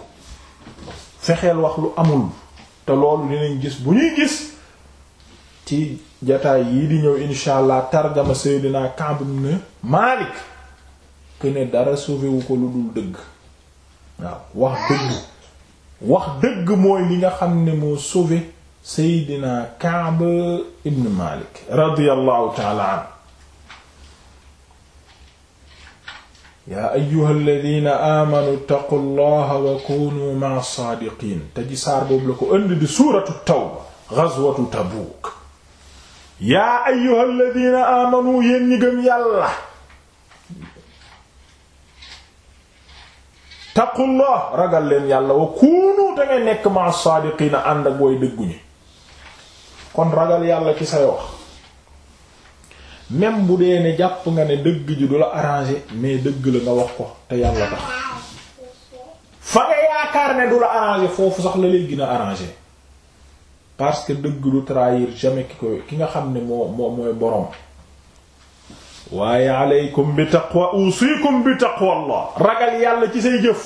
fexeel wax lu amul te loolu dinañ gis bu ñuy gis ci jataay yii di ñëw insha allah tarjama Seydina Kaab ibn Maalik que ne dara sauvé ko lu dul dëgg waaw wax dëgg. wax dëgg mooy li nga xam ne moo sauvé seydina Kaab ibn Malik radiyallahu taala an yaa ayyuha alladina aamanu ttaqu llaha wa kunu ma'a saadiqin te ji saar boobu la ko ënd di suuratu tawba ghazwatu Tabuuk yaa ayyuha alladina aamanu yéen ñi gëm yàlla ittaqullah ragal leen yàlla wa kuunu te nga nekk ma saadiqiina ànd ak way dëgguñu kon ragal yàlla ci say wax même bu dee ne jàpp nga ne dëgg ji du la arrangé mais dëgg la nga wax ko te yàlla tax fa nga yaakaar ne du la arrangé foofu sax la lay gën a arrangé parce que dëgg du trahir jamais ki ki nga xam ne moo moo mooy borom waaye aleykum bi taqwa usikum bi taqwa allah ragal yàlla ci say jëf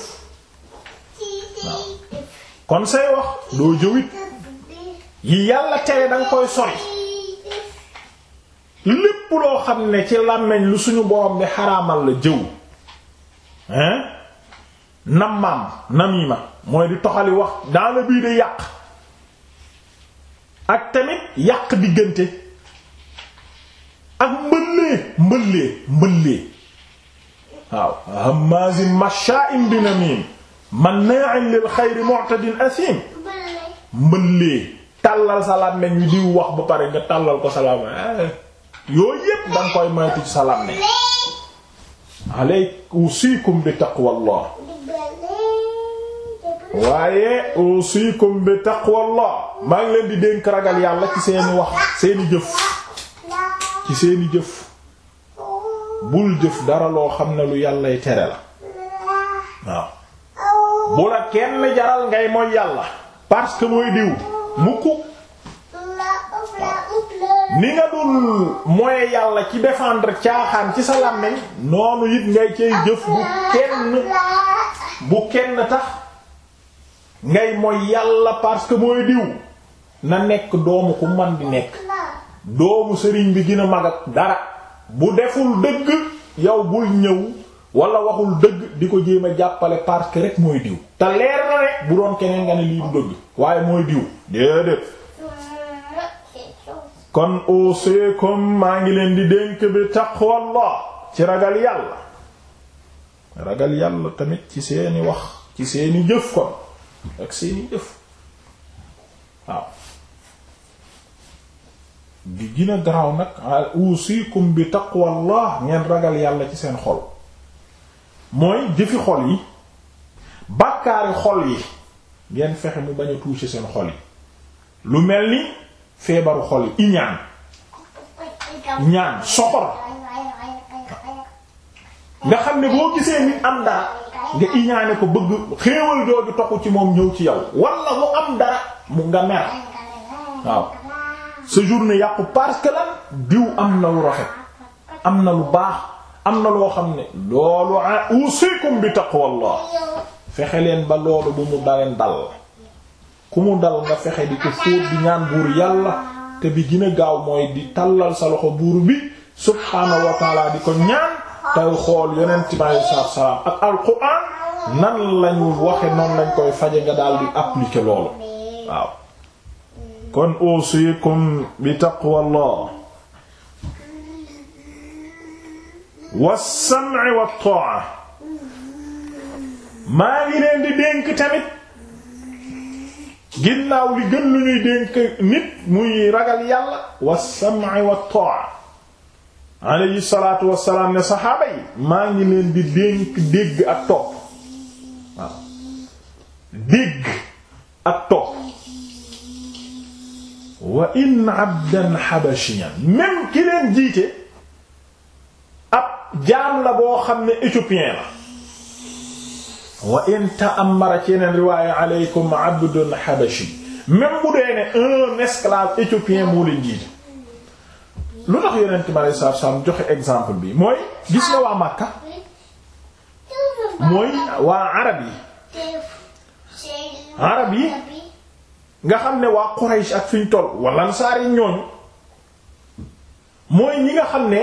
kon say wax doo jëwit yi yàlla tere danga koy sori lépp loo xam ne ci làmmeñ lu suñu borom bi xaraamal la jëw hein nammaam namima mooy di toxali wax daana bii de yàq ak tamit yàq diggante ak mbëllee mbëllee mbëllee waaw hammazin masha'in bi namim manna'in lil xayri mu'tadin asim mbëllee tàllal salaam ne ñu diw wax ba pare nga tàllal ko salaam eh, yooyu yépp danga koy moytu ci salaam ne aleyk usikum bi taqwallah waaye usikum bi taqwallah maa ngi leen di dénk ragal yàlla ci seeni wax seeni jëf ci seeni jëf bul jëf dara loo xam ne lu yàllay tere la waaw bu la kenn jaral ngay mooy yàlla parce que mooy diw mukk ni nga dul mooy yàlla ci défendre caaxaan ci sa làmmiñ noonu it ngay cay jëf bu kenn bu kenn tax ngay moy yàlla parce que mooy diw na nekk doomu ku man di nekk doomu sëriñ bi gën a mag ak dara bu deful dëgg yow bul ñëw wala waxul dëgg di ko jéem a jàppale parce que rek mooy diw te leer na rek bu doon keneen nga ne lii du dëgg waaye mooy diw déedéet kon auseekom maa ngi leen di dénk bi taqwallah ci ragal yàlla ragal yàlla tamit ci seeni wax ci seeni jëf kon ak seeni jëf waaw bi gën a garaaw nag usikum bi taqwallah ngeen ragal yàlla ci seen xol mooy jëfi xol yi bàkkaari xol yi ngeen fexe mu bañ a seen xol yi lu mel ni feebaru xol yi iñaan soxor nga xam ne boo gisee nit am dara nga iñaane ko bëgg xéewal jooju toxu ci moom ñëw ci yow wala mu am dara mu nga mer waaw sa journée yàqu parce que lan diw am na lu rafet am na lu baax am na loo xam ne loolu usikum bi tax taqwallah fexe leen ba loolu bu mu daleen dal ku mu dal nga fexe di ko fóot di ñaan buur yàlla te bi gën gaaw mooy di tallal sa loxo buur bi subhaanahu di ko ñaan tey xool yonent bi alei salaatu salaam ak alquran nan lañu waxe noonu lañ koy faje nga daal di appliquer loolu waaw kon uusikum bi taqwallah was-sam'i wat-ta'a maa ngi leen di dénk tamit ginnaaw li gën lu ñuy nit muy ragal yàlla was-sam'i wat-ta'a alayhi salaatu wassalaam ne saxaaba yi maa leen di dénk dégg ak topp waaw wa in abdan habashiyan même ki leen jiite ab jaam la boo xam ne éthiopien la wa in ta'ammara ci yeneen riwaaya aleykum abdun habashi même bu dee ne un esclave éthiopien moo leen jiite lu tax yonent mi aleyhi salaatu salaam exemple bi mooy gis nga waa Makka mooy waa arab yi arab yi nga xam ne waa Quraysh ak fiñ toll wala ansaar ñooñu mooy ñi nga xam ne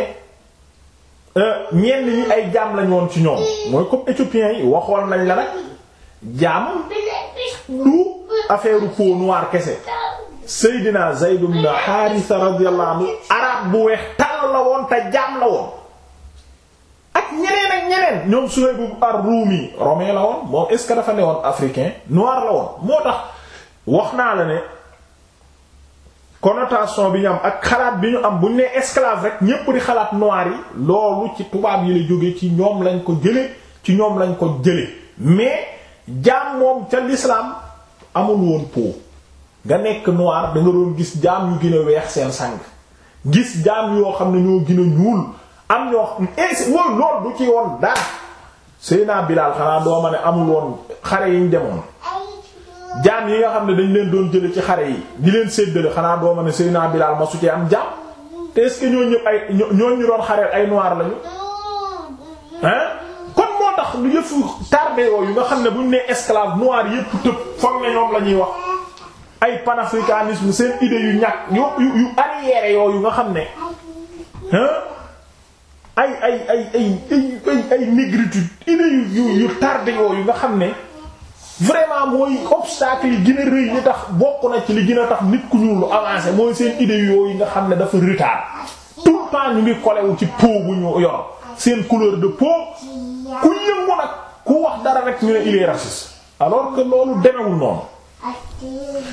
euh, ñenn ñi ay jaam lañ woon ci ñoom mooy comme éthiopiens yi waxoon nañ la nag jaam du affaire peau noire kese Seydina Zayd ibn Haarisa radiyallahu anhu arab bu weex tàll la woon te jaam la woon ak ñeneen ak ñeneen ñoom Suhayb ar-Rumi la woon moom est dafa ne woon africain noir la woon moo tax wax naa la ne connotation bi ñu am ak xalaat bi ñu am bu ñu nee esclave rek ñépp di xalaat noir yi loolu ci tubaab yi la jóge ci ñoom lañ ko jële ci ñoom lañ ko jële mais jaam moom ca l'islam amul woon po nga nekk noir da nga doon gis jaam yu gën weex seen sang gis jaam yoo xam ne ñoo gën a ñuul am ñoo insi mooy loolu du ci woon dara Seyna Bilal xanaa doo ma ne amul woon xare ñu demoon jaan yi nga xam ne dañu leen doon jële ci xare yi di leen séddale xanaa doo ma ne Seydina Bilaal ma su ci am jaam te est-ce que ay ñooñu ñu doon xareel ay noir lañu hein kon moo tax lu yëfu tardé yooyu nga xam ne buñ nee esclave noir yëpp tëb ñoom la ñuy wax ay panafricanisme seen idée yu ñàkk yu yu yu arriéré yooyu nga xam ne hein ay ay ay ay ay négritude idée yu yu yooyu nga xam ne. vraiment mooy obstacle yi gën a rëy yi tax bokk na ci li gën a tax nit ku ñuul lu avancé mooy seen idées yooyu nga xam ne dafa retard tout le temps ñu ngi kolewu ci peau bu ñu yor seen couleur de peau ku yëngu nag ku wax dara rek ñu ne il est raciste alors que loolu demewul noonu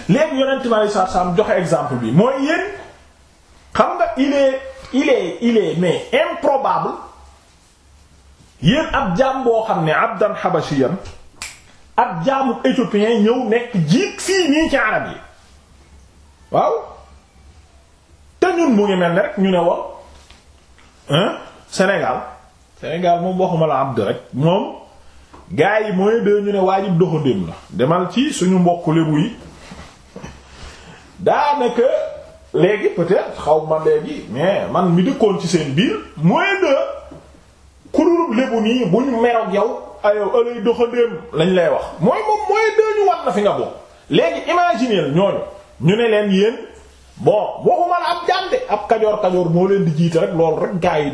léegi yonent ma saa saam joxe exemple bi mooy yéen xam nga il est il mais improbable yéen ab jaam boo xam ne abdan habashiyan ab jaamu éthiopien ñëw nekk jiit fii nii ci arab yi waaw te ñun mu ngi mel ni rek ñu ne woon hein Sénégal Sénégal moom waxuma la abd rek moom gars yi mooy de ñu ne waajib doxandéem la demal ci suñu mbokk lébu yi daanaka léegi peut xaw ma léegi mais man mi dëkkoon ci seen biir mooy de kuréelu lébu nii buñ meroog yow ayow alay doxandéem lañ lay wax mooy moom mooy dëñu war na fi nga bokk léegi imaginer ñooñu ñu ne leen yéen bon waxuma la ab jànde ab kajoor kajoor moo leen di jiite rek loolu rek gaa yi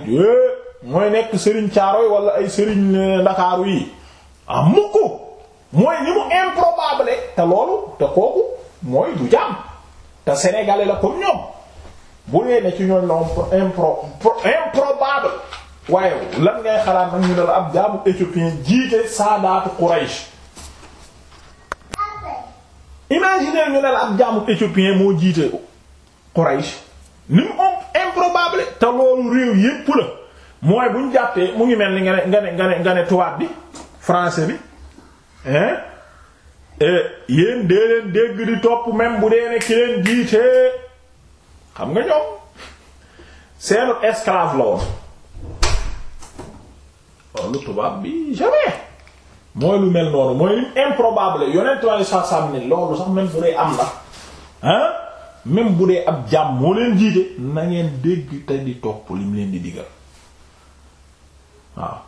mooy nekk Serigne Thiaroye wala ay Serigne eh, Ndakaaru yi ah mukk mooy ni mu improbable te loolu te kooku mooy du jaam te sénégalais la comme ñoom bu lee ci ñoom la impro waaye lan ngay xalaat nag ñu ne la ab jaamu éthiopien jiite saadaatu Quraysh imaginer ñu ne la ab jaamu éthiopien moo jiite Quraysh ni mu improbable te loolu réew yépp la mooy bu jàppee mu ngi mel ni nga ne nga ne nga ne nga ne tubaab bi français bi hein eh, yéen dee leen dégg di topp même bu dee ne leen jiite xam nga ñoom seenu esclave la woon loolu oh, tubaab bi jamais mooy lu mel noonu mooy lim improbable yonent waaye saa saam ne loolu sax même bu dee am la ah même bu dee ab jàmm moo leen jiite na ngeen dégg te di topp lim leen di digal waaw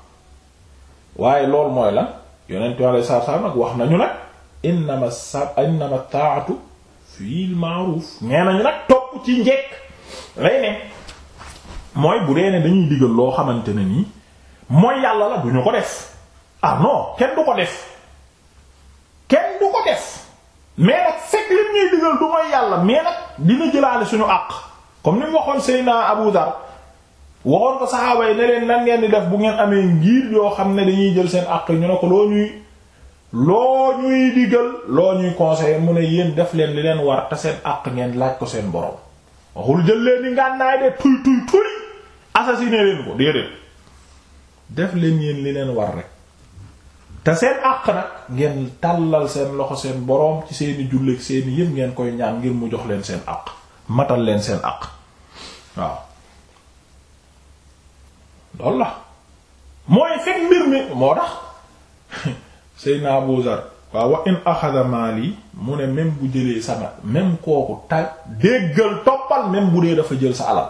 waaye loolu mooy la yonent waaye saa saam nag wax nañu nag innama sa innama taatu fil ma'ruf nee nañu nag topp ci njekk lay ne mooy bu dee ne dañuy digal loo xamante ne nii mooy yàlla la du ko def ah non kenn du ko def kenn du ko def mais nag fekk lim ñuy digal du mooy yàlla mais nag dina jëlaale suñu àq comme ni mu waxoon Seydina naa Dar waxoon ko saxaaba yi ne leen nan ngeen di def bu ngeen amee ngir yoo xam ne dañuy jël seen àq ñu ne ko loo ñuy loo ñuy digal loo ñuy conseiller mu ne yéen def leen li leen war te seen àq ngeen laaj ko seen borom waxul jël leen ni ngànnaay de tuy tuy tuy assassiné leen ko déedéet def leen yéen li leen war rek te seen àq nag ngeen tàllal seen loxo seen boroom ci seeni julleek seeni yëpp ngeen koy ñaan ngir mu jox leen seen àq matal leen seen àq waaw loolu la mooy fekk mbir mi moo tax Seydina Abu waaw wa in mu ne même bu jëlee sama même kooku ta déggal toppal même bu dee dafa jël sa alal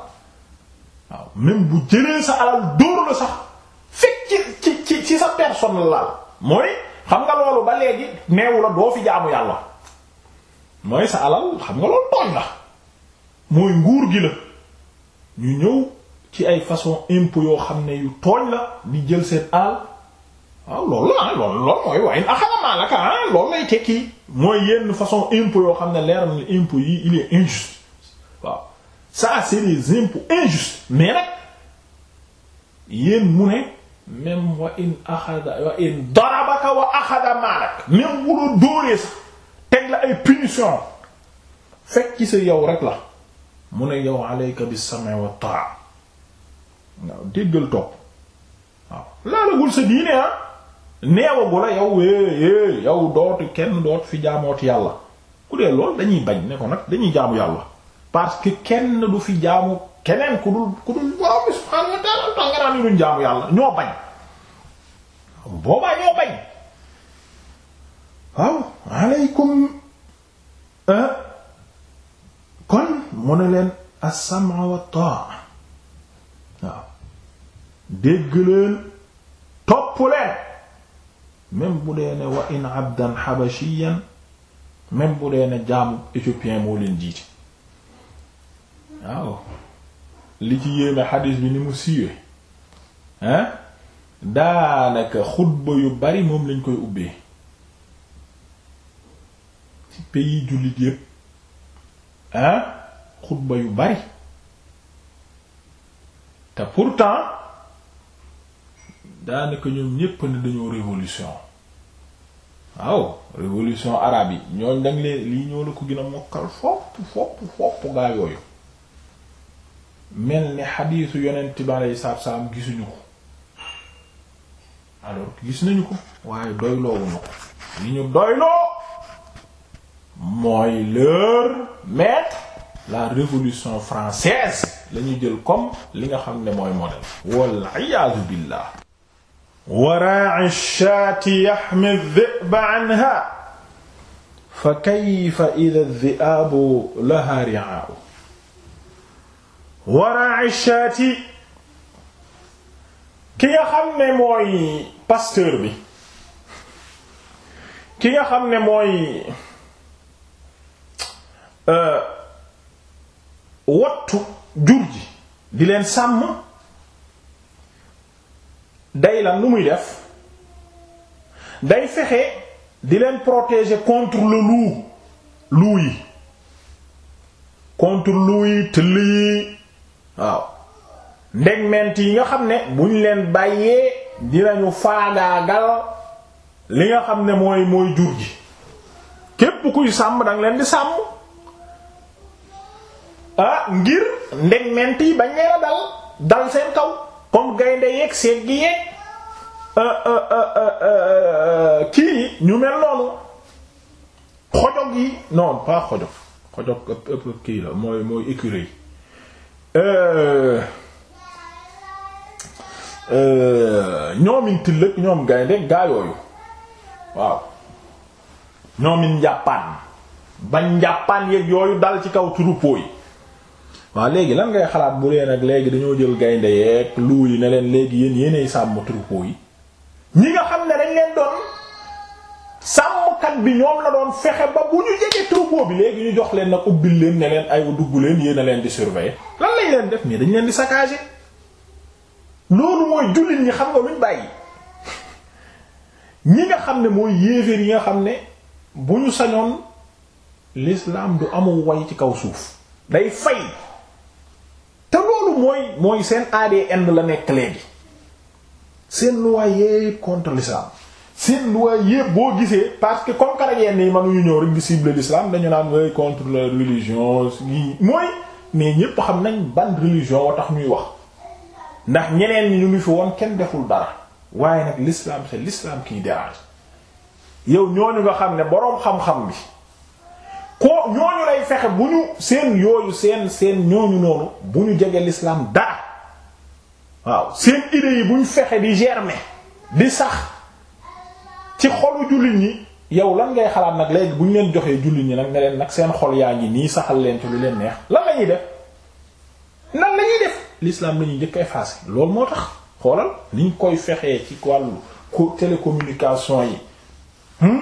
waaw même bu jëlee sa alal dóor la sax fekk ci ci ci sa personne laal mooy xam nga loolu ba léegi neewu la doo fi jaamu yàlla mooy sa alal xam nga loolu tooñ la mooy nguur gi la ñu ñëw ci ay façon impôt yoo xam ne yu tooñ la di jël seen alal waaw loolu la loolu loolu mooy waaye axalamaa la ka ah, loolu lay tekki mooy yenn façon impôt yoo xam ne leer na impôt yi il est waaw ça c'est des impôts mais nag yéen mu ne même wa in axada wa in darabaka wa axada maalak même wuloo dóoree sax teg la ay punition fekk ci sa yow rek la mu ne yow alayka bis sam'i wa ta'a waaw déggal topp waaw laalagul sa diine ah neewagu la yow é eh, eh, yow dootu kenn dootu fi jaamooti yàlla ku dee lool dañuy bañ ne ko nag dañuy jaamu yàlla parce que kenn du fi jaamu keneen ku dul ku dul borom bi subhaanahu wa ta'aala tax nga ni duñ jaamu yàlla ñoo bañ boobaa ñoo bañ waaw aleykum ah, dégg leen topp leen même bu dee ne wa in abdan habashiyan même bu dee ne jaamu éthiopien moo leen jiite waaw li ci yéeme xadiis bi ni mu siiwe hein daanaka xutba yu bari moom lañ koy ubbee ci pays jullit yépp hein xutba yu bari te pourtant daanaka ñoom ñépp ne dañoo révolution waaw révolution arabe yi ñooñ danga leen lii ñoo la ko gën a mokkal fopp fopp fopp gaa yooyu mel ni xadiisu yonent bi aleyhi salaatu gisuñu ko alors gis nañu ko waaye doyloowuñu ko li ñu doyloo mooy leur maître la révolution française lañu jël comme li nga xam ne mooy modèle wal iyaadu billah wa raa'i shaati yaxmi dhi'ba anha fa kayfa idha dhi'aabu laha ri'aa'u waraa'i shaati ki nga xam ne mooy pasteur bi ki nga xam ne mooy euh, wattu jur ji di leen sàmm day lan lu muy def day fexe di leen protéger contre le loup yi contre loup yi tëll yi waaw ndegment yi nga xam ne bu ñu leen bàyyee dinañu faagaagal li nga xam ne mooy mooy jur gi képp kuy sàmm danga leen di sàmm ah ngir ndegment yi bañ leen dal dal seen kaw comme gaynde yeeg seeg gi yeeg euh, euh, euh, kii ñu mel noonu xojog yi non pas xojog xojog ëpp ëpp kii la mooy mooy écureuil Euh, euh, ñoomin tillëg ñoom gaynde gaa yooyu waaw ñoomin njàppaan bañ njàppaan yeeg yooyu dal ci kaw troupeau yi waaw léegi lan ngay xalaat bu leen ak léegi dañoo jël gaynde yeeg luu yi ne léegi yéen yéenay sàmm troupeau yi ñi nga xam ne dañ leen doon sàmm sàmmkat bi ñoom la doon fexe ba bu ñu jege troupeau bi léegi ñu jox leen nag ubbil leen ne leen ay dugg leen yéen a leen di surveiller lan lañ leen def mais dañ leen di saccager loolu mooy jullit ñi xam nga luñ bàyyi ñi nga xam ne mooy yéeféer yi nga xam ne bu ñu sañoon l'islam du amul way ci kaw suuf day fay te loolu mooy mooy seen ADN la nekk léegi seen loi yépp contre l'islam seen waa yëpp boo gisee parce que comme que yenn yi mënuñu ñëw rek di cible l'islam dañu naan way contre la religion yi mooy mais ñëpp xam nañ ban religion wa tax ñuy wax ndax ñeneen ñi ñu ngi fi woon kenn deful dara waaye nag l'islam c'est l'islam qui dérange yow ñooñu nga xam ne boroom xam-xam bi ko ñooñu lay fexe bu ñu seen yooyu seen seen ñooñu noonu bu ñu jege l'islam dara waaw seen idées yi bu ñu fexe di germer di sax. ci xolu jullit yi yow lan ngay xalaat nag léegi bu ñu leen joxee jullit ñi nag ne nag seen xol yaa ngi nii saxal leen ci lu leen neex lan la ñuy def lan la def l'islam la ñuy njëkk effacé loolu moo tax xoolal niñ koy fexee ci wàllu ko télécommunication yi hmm?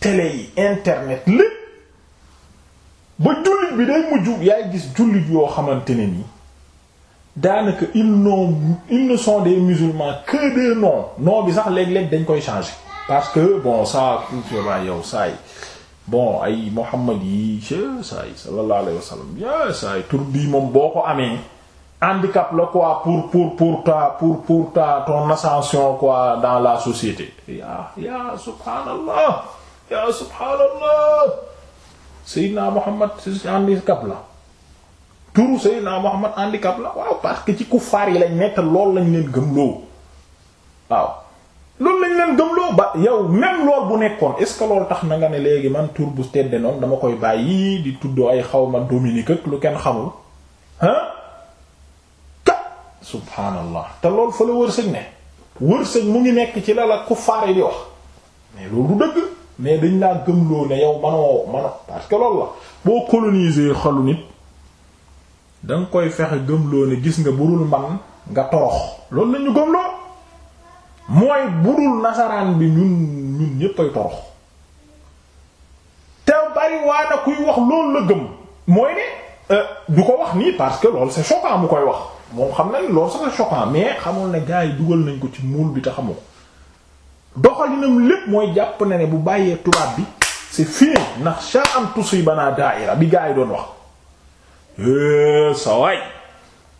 télé yi internet lépp ba jullit bi day mujj yaay gis jullit yoo xamante ne nii daanaka ils n'ont ils ne sont des musulmans que des noms nom bi sax léeg-léeg dañ koy changer parce que bon ça culturellement yow saay bon ay Muhammad yi saay sallallahu alayhi wa sallam saay tur bii moom boo ko amee handicap la quoi pour pour pour ta pour pour ta ton ascension quoi dans la société ya ya subhanallah ya subhanallah Seydina Muhammad handicap la turu Seydina Muhammad handicap la waaw parce que ci kuffaar yi lañ nekk loolu lañ leen gëm loo waaw loolu lañ leen gëmloo ba yow même lool bu nekkoon est ce que loolu tax na nga ne léegi man tur bu tedde noonu dama koy bàyyi di tuddoo ay xawma Dominique ak lu kenn xamul ah ka subhaanallah te lool fa la wërsëg ne wërsëg mu ngi nekk ci la la kuffaar yi di wax mais loolu du dëgg mais dañ laa gëmloo ne yow manoo mano parce que loolu la boo coloniser xalu nit danga koy fexe gëmloo ne gis nga burul man nga torox loolu lañu gëmloo mooy budul nasaraan bi ñun ñun ñépp ay torox te bari waa kuy wax loolu la gëm mooy ne euh, du ko wax nii parce que loolu c'est choquant mu koy wax moom xam na ne loolu sax c'est choquant mais xamul ne gars yi dugal nañ ko ci muul bi te xamu ko doxalinam lépp mooy jàpp na ne bu bàyyee tubaab bi si fini ndax sha am tusibana daaira bi gars yi doon wax eh, sa waay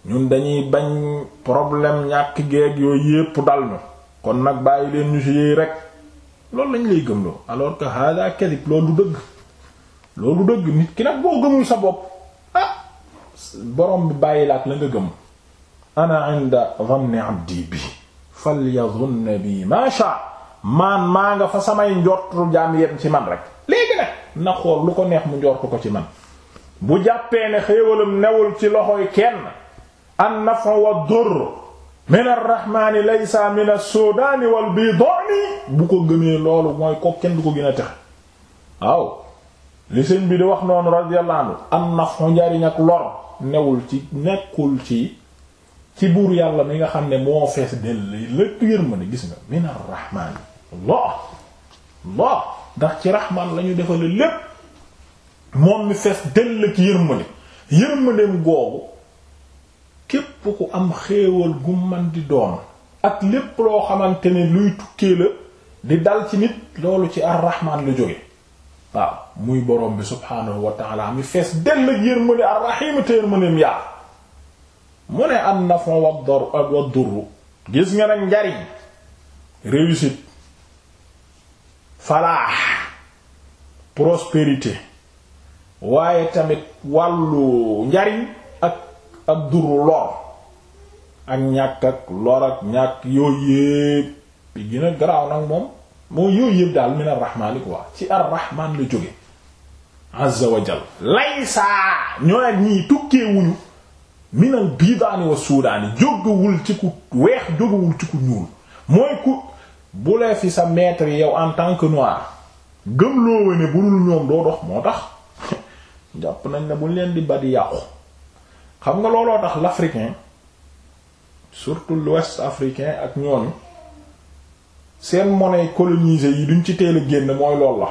ñun dañuy bañ problème ñàkk geeg yooyu yépp dal ñu kon nag bàyyi leen ñu ci yéey rek loolu lañ lay gëmloo alors que hada kadib loolu dëgg loolu dëgg nit ki nag boo gëmul sa bopp ah borom bi bàyyi la ak la nga gëm ana inda dhanni abdi bi falyadhunna bi ma sha maan maa nga fa samay njortu jaam yem ci man rek léegi nag na xool lu ko neex mu njortu ko ci man bu jàppee ne xéewalam newul ci loxoy kenn an nafa wa durr min arrahmaani laysa min assudaani wal bidaani bu ko gëmee loolu mooy ko kenn du ko gën a texe waaw li bi di wax noonu radiyallahu anhu am na fu njariñ ak lor newul ci nekkul ci ci buur yàlla mi nga xam ne moo fees del lépp yërma gis nga min arrahmaani allah allah ndax ci rahmaan lañu defale lépp moom mi fees del ci yërma ne googu képp ku am xéewal gu man di doon ak lépp loo xamante ne luy tukkee la di dal ci nit loolu ci arrahman la jóge waaw muy borom bi subhaanahu wa taala mi fees dell ak yërmande arrahim te yërmandeem yaa mu ne an nafa wa durru gis nga nag njariñ réussite falaax prospérité waaye tamit wàllu njariñ ak ak duru lor ak ñàkk ak lor ak ñàkk yooyu yépp bi gën a garaaw nag moom moo yooyu yépp daal min ko quoi ci arrahmaan la jóge azza wa jal laysa ñoo ak ñii tukkee wuñu minal biidaani wa suudaani jógewul ci ku weex jógewul ci ku ñuul mooy ku bu lee fi sa maître yow en tant que noir gëm loo wene bu dul ñoom doo dox moo tax jàpp nañ ne buñ leen di badi yàqu xam nga looloo tax l'africain surtout l'ouest africain ak ñoom seen money colonisée yi duñ ci teel a génn mooy lool la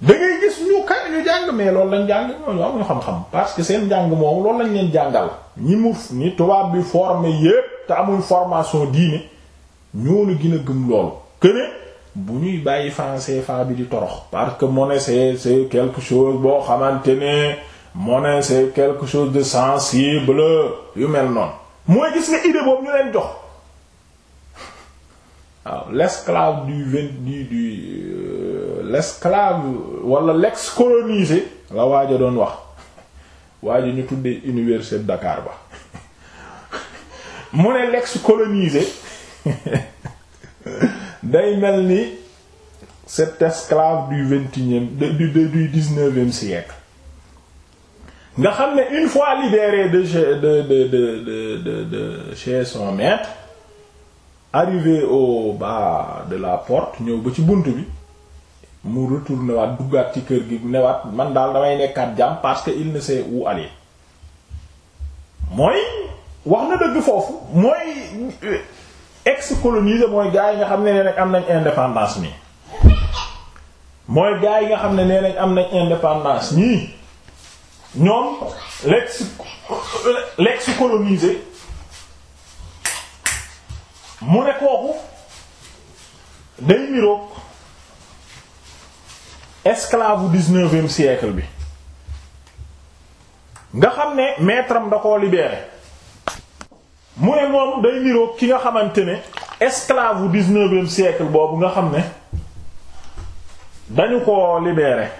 da gis ñu kay ñu jàng mais loolu lañ jàng ñooñu am xam-xam parce que seen jàng moom loolu lañ leen jàngal ñi mu ñi tubaab bi formé yépp te amul formation diine ñoonu gën a gëm loolu këne bu ñuy bàyyi français fa bi di torox parce que monnaie c'est c'est quelque chose boo xamante ne mu ne c'est quelque chose de sensible yu mel noonu mooy gis nga idée boobu ñu leen jox waaw l'esclave du vingt du du euh, l'esclave wala l'ex-colonisé la waaj a doon wax waaj ñu tuddee université de Dakar ba mu ne l'ex-colonisé day mel ni cet esclave du vingt-et-unième du du du dix-neuvième siècle nga xam ne une fois libéré de de de de de de chez son maître arrivé au bas de la porte ñëw ba ci bunt bi mu retourné waat duggaat ci kër gi newaat man daal damay nekkaat jàmm parce que il ne sait ou aller mooy wax na dëgg foofu mooy ex-colonisé mooy gars yi nga xam ne nee am nañ indépendance nii mooy gars yi nga xam ne nee am nañ indépendance nii ñoom l'ex l'ex colonisé mu ne kooku day miroog esclave bu 19 bi nga xam ne maître am da koo libéré mu ne moom day miroog ki nga xamante ne esclave bu 19e boobu nga xam ne dañu koo libéré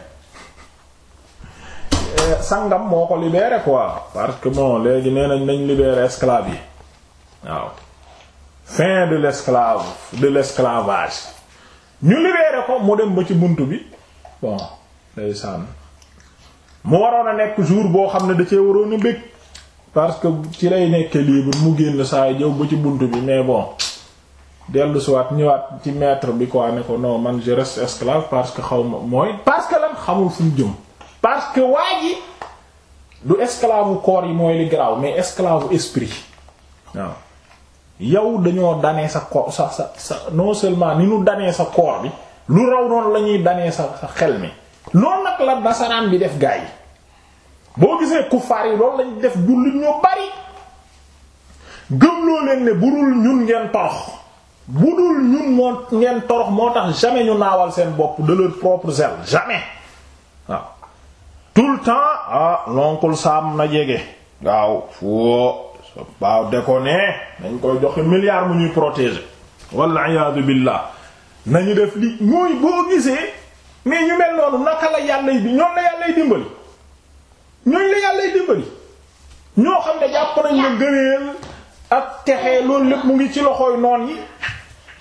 Eh, sangam moo ko libéré quoi parce que bon léegi nee nañ nañ libéré esclave yi waaw fin de l'esclave de l'esclavage ñu libéré ko mu dem ba ci bunt bi bon day sànn mu waroon a nekk jour boo xam ne da cee waroon a bëgg parce que ci lay nekkee libre mu génn saa jëw ba ci bunt bi mais bon dellu siwaat ñëwaat ci maître bi waa ne ko non man je reste esclave parce que xaw mooy parce que lan xamul fu mu jëm parce que waa ji du esclave corps yi mooy li garaaw mais esclave esprit waaw yow dañoo danee sa corps sa sa sa non seulement ni ñu danee sa corps bi lu raw noonu la ñuy danee sa sa xel mi loolu nag la nasaraan bi def gaa yi boo gisee kuffaar yi loolu lañ def jullit ñu bari gëmloo leen ne budul ñun ngeen torox budul ñun moo ngeen torox moo tax jamais ñu naawal seen bopp de leur propre zèle jamais tout le temps ah l'oncle Sam na jege waaw foo waaw de ko ne nañ koy joxe milliard mu ñuy protéger walla iyaadu billah nañu def li mooy boo gisee mais ñu mel noonu naka la yàlla yi bi ñoom la yàlla dimbali ñooñ la yàlla dimbali ñoo xam ne jàpp nañ la gëneel ak texee loolu lépp mu ngi ci loxooy noon yi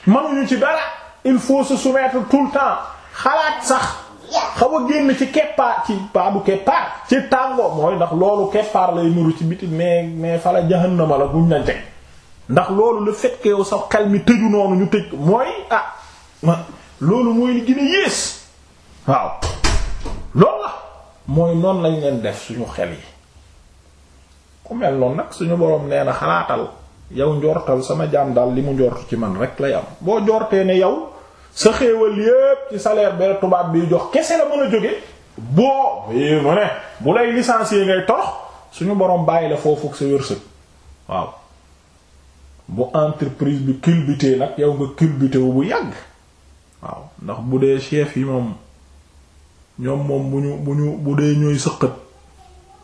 mënuñu ci dara il faut se soumettre tout xalaat sax xaw a génn ci keppaar ci paa du keppaar ci tàngo mooy ndax loolu keppaar lay nuru ci bitim mais mais fala jahannama la buñ na teg ndax loolu la fekkewu que yow sa xel mi tëju noonu ñu tëj mooy ah loolu mooy li gën a yées waaw loolu la mooy noonu lañ leen def suñu xel yi ku mel noonu nag suñu boroom nee na xalaatal yow njortal sama jaam daal li mu njort ci man rek lay am boo njortee ne yow sa xéewal yépp ci salaire bi tubaab bi jox kese la mën a jóge boo mu ne bu lay licencier ngay torox suñu borom bàyyi la foofu ak sa wërsëg waaw bu entreprise bi culbuté nag yow nga culbuté wu bu yàgg waaw ndax bu dee chef yi moom ñoom moom bu ñu bu ñu bu dee ñooy sëqët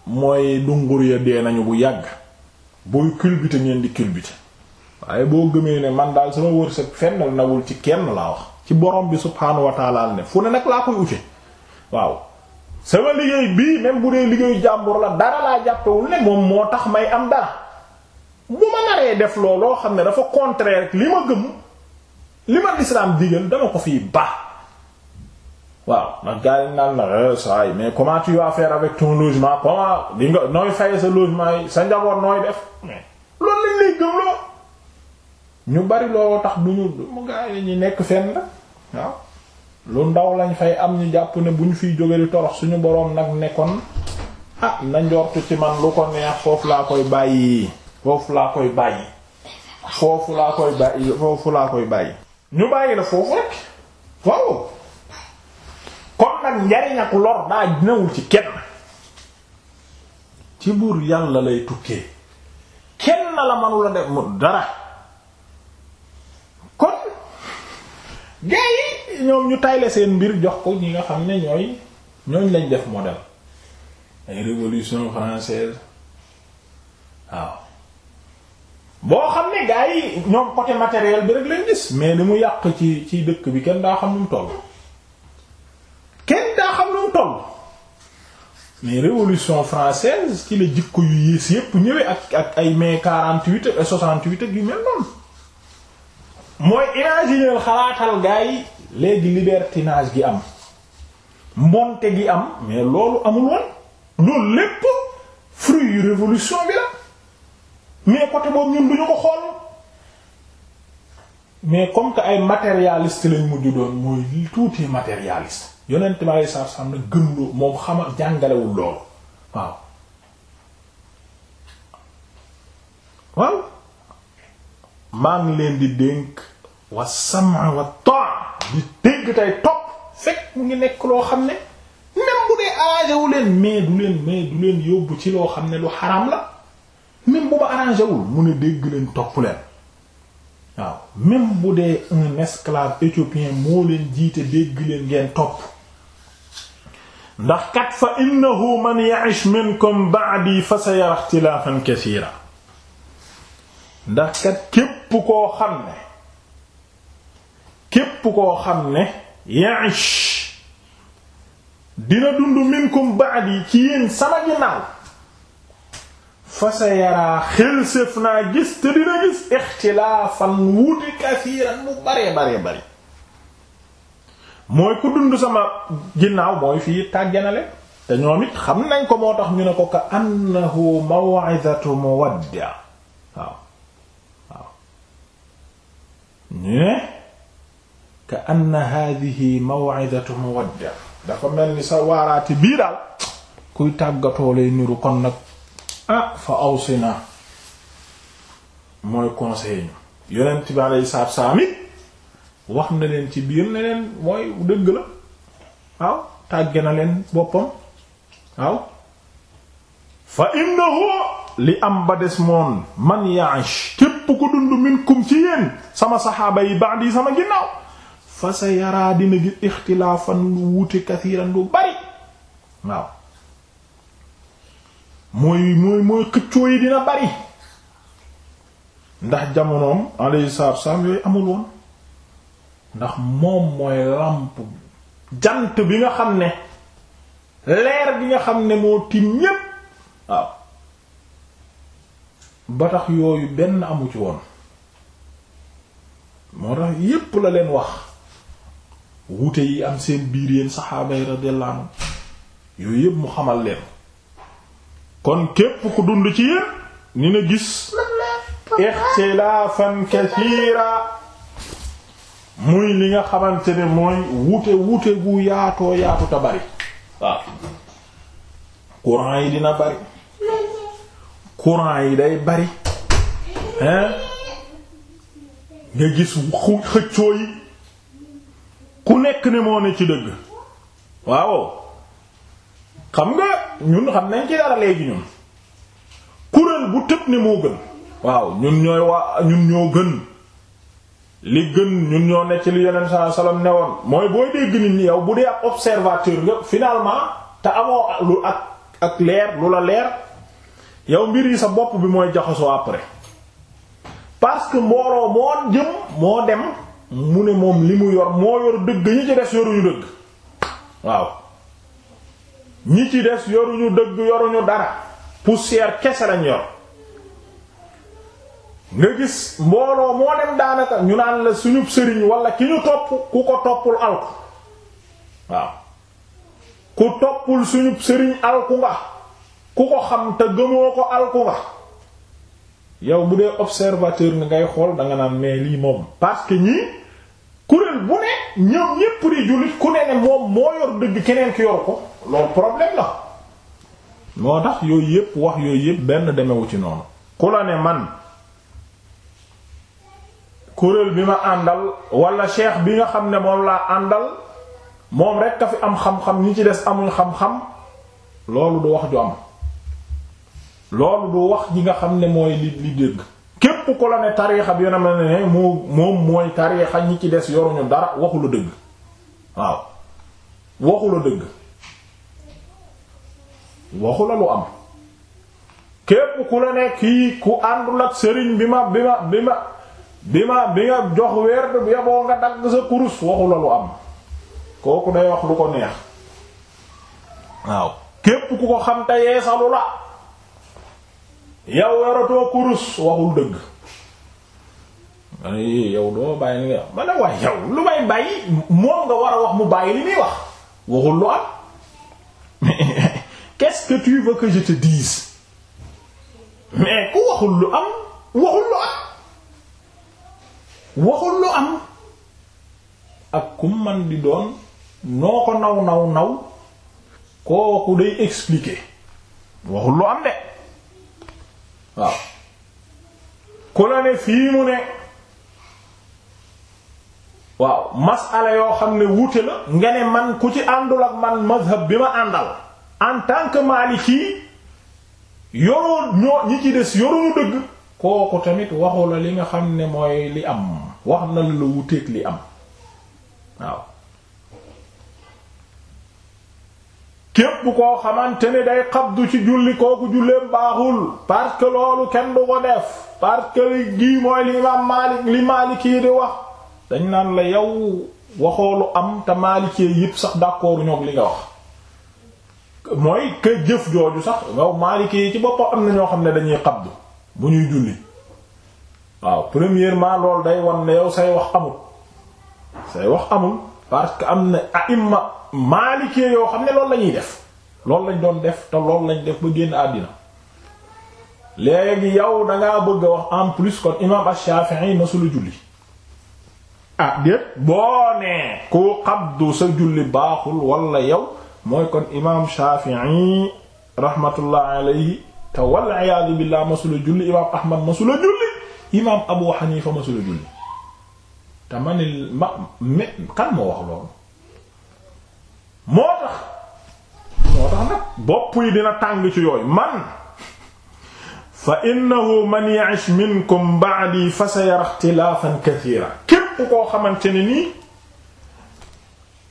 mooy dungur ya dee nañu bu yàgg booy culbuté ngeen di culbuté waaye boo gëmee ne man daal sama wërsëg fenn la nawul ci kenn laa wax ci borom bi subhaanahu wa taala ne fu ne nag laa koy ute waaw sama liggéey bii même bu dee liggéeyu jàmbur la dara laa jàppewul ne moom moo tax may am dara bu ma naree def looloo xam ne dafa contraire rek li ma gëm li ma lislaam digal dama ko fii baax waaw ndax gars yi naan na eh, saa yi mais comment tu vas faire avec ton comment di nga nooy fay sa logement yi sa njaboot nooy def loolu lañ lay gëm loo ñu bari looloo tax du ñu mu gaa yi ñu nekk fenn waaw lu ndaw lañ fay am ñu jàpp ne bu ñu fiy jóge di torox suñu boroom nag nekkoon ah na njortu ci man lu ko neex foofu laa koy bàyyi foofu laa koy bàyyi foofu laa koy bàyyi ñu bàyyi la foofu rek waaw kon nag njariñ ak lor daa newul ci kenn ci buur yàlla lay tukkee kenn la mënula def mu dara gaa ñoom ñu tayle seen mbir jox ko ñi nga xam ne ñooy ñooñ lañ def modèle ay révolution française waaw boo xam ne gaa yi ñoom côté matériel bi rek lañ gis mais ni mu yàq ci ci dëkk bi kenn daa xam nu mu toll kenn daa xam nu toll mais révolution française ci la jikko yu yées yépp ñëwee ak ak ay mai 48 ak 68 ak yu mel noonu mooy imaginer xalaatal gaa yi léegi libertinage gi am mbonte gi am mais loolu amul woon loolu lépp fruit yu révolution bi la mais côté boobu ñun duñu ko xool mais comme que ay matérialiste lañ mujj doon mooy tuuti matérialiste yonent bi alei satu salaam na gëmloo moom xama jàngalewul loolu waaw waaw maa ngi leen di dénk wa sam'a wa ta'a di dégg tey topp fekk mu ngi nekk loo xam ne même bu dee arrangé mais du leen mais du leen yóbbu ci loo xam ne lu xaraam la même bu ma arrangé wul mu ne dégg leen topp leen waaw même bu dee un esclave éthiopien moo leen jiite dégg leen ngeen topp ndax kat fa innahu man ya'ish minkum ba'di fa sayara ikhtilafan kaseera ndax kat képp koo xam ne képp koo xam ne ya'ish dina dund minkum yi ci yéen sama ginnaaw fa sa yaraa xelséf naa gis te dina gis ixtilaafan wuute kasiiran mu baree baree bari mooy ku dund sama ginnaaw mooy fii tàgganale te ñoom it xam nañ ko moo tax ñu ne ko ka annahu maw'izatu muwaddi' ñu ne ka anna hadihi maw'idatu muwadda dafa mel ni sa waaraati bii daal kuy tàggatoo lay niru kon nag ah fa awsina mooy conseil ñu yonent bi alayhi salaatu salaam wax na leen ci biir ne leen mooy dëgg la waaw tàgge na leen boppam waaw fa innahu li am ba des moon man ya'ash képp dund minkum ci yéen sama saxaaba yi ba'di sama ginnaaw fa sa yaraa dina gis ixtilaafan lu wuute kasiiran lu bari waaw mooy mooy mooy xëccoo yi dina bari ndax jamonoom alayhi salaatu wassalaam yooyu amul ndax moom mooy làmp jant bi nga xam ne leer bi nga xam ne moo tiim ñépp waaw ba tax yooyu benn amu ci woon moo tax yépp la leen wax wuute yi am seen biir yéen saxaaba yi radiyallahu anhu yooyu yépp mu xamal leen kon képp ku dund ci yéen ni na gis ixtilaafan kasiira muy li nga xamante ne mooy wuute wuute gu yaatoo yaatu ta bari waaw courant yi dina bari courant yi day bari hein nga gis xëccoo yi ku nekk ne moo ne ci dëgg waaw xam nga ñun xam nañ ci dara léegi ñun kuréel bu tëb ne moo gën waaw ñun ñooy waa ñun ñoo gën li gën ñun ñoo ne ci li yonent saa salaam ne woon mooy booy dégg nit ñi yow bu dee ab observateur nga finalement te amoo lu ak ak leer lu la leer yow mbir yi sa bopp bi mooy jaxasoo après parce que mbooloo moo jëm moo dem mu ne moom li mu yor moo yor dëgg ñi ci des yoruñu dëgg waaw ñi ci des yoruñu dëgg yoruñu dara poussière kese lañ yor nga gis mbooloo moo dem daanaka ñu naan la suñu sëriñ wala ki ñu topp ku ko toppul alku waaw ku toppul suñu sëriñ alku nga ku ko xam te gëmoo ko alku nga yow bu dee observateur nga ngay xool danga naan mais lii moom parce que ñii kuréel bu ne ñoom ñépp di jullit ku ne ne moom moo yor dëgg keneen ki yor ko loolu problème la moo tax yooyu yépp wax yooyu yépp benn demewu ci noonu ku la ne man kuréel bi ma àndal walla cheikh bi nga xam ne moom laa àndal moom rekk a fi am xam-xam ñi ci des amul xam-xam loolu du wax ju am loolu du wax ji nga xam ne mooy li li dégg képp ko la ne tariixa bi yonam na ne moo moom mooy tariixa ñi ci des yoruñu dara waxu la dëgg waaw waxu la dëgg waxu la lu am képp ku la ne kii ku àndul ak sëriñ bi ma bi ma bi ma bi ma bi nga jox werd yaboo nga dagg sa kurus waxu la lu am kooku day wax lu ko neex waaw képp ku ko xam te yeesalu la yow waratoo kurus waxul dëgg ma eh, yow doo bàyyi nga wax ma waaye yow lu may bàyyi moom nga war a wax mu bàyyi li muy wax waxul lu am qu'est-ce que tu veux que je te ku waxul lu am waxul lu am waxul lu am ak ku man di doon noo ko naw naw naw kooku day expliquer waxul lu am de waaw ku la ne fii mu ne waaw masala yoo xam ne wuute la nga ne man ku ci àndul ak man mazhab bi ma àndal en tant que maliki yoroo ñoo ñi ci des yoroo dëgg kooku tamit waxu la li nga xam ne mooy li am wax na la la wuuteeg li am waaw képp koo xamante ni day xabdu ci julli kooku julleem baaxul parce que loolu kenn du ko def parce que li gii mooy li imaam Maalik li Maalikii di wax dañ naan la yow waxoolu am te Maalikee yépp sax d'accord ñoog li nga wax mooy kër jëf jooju sax ngaw Maalikee ci boppam am na ñoo xam ne dañuy xabdu bu ñuy julli waaw premièrement loolu day won ne yow say wax amul say wax amul parce que am na aïmma maalikee yoo xam ne loolu la def loolu lañ doon def te loolu lañ def ba génn àddina léegi yow dangaa bëgg a wax en plus kon imam Ash-Shafi'i masula julli ah déet boo nee ku xabdu sa julli baaxul wala yow mooy kon imam Shafi'i rahmatullah alayhi te wal iyaadu billah masula julli imam Ahmad masula julli imam Abu Hanifa masula julli te manil ma me kan moo wax loolu moo tax moo tax nag bopp yi dina tàng ci yooyu man fa innahu man ya'ish minkum ba'di fa sayara ikhtilafan katira képp koo xamante ni nii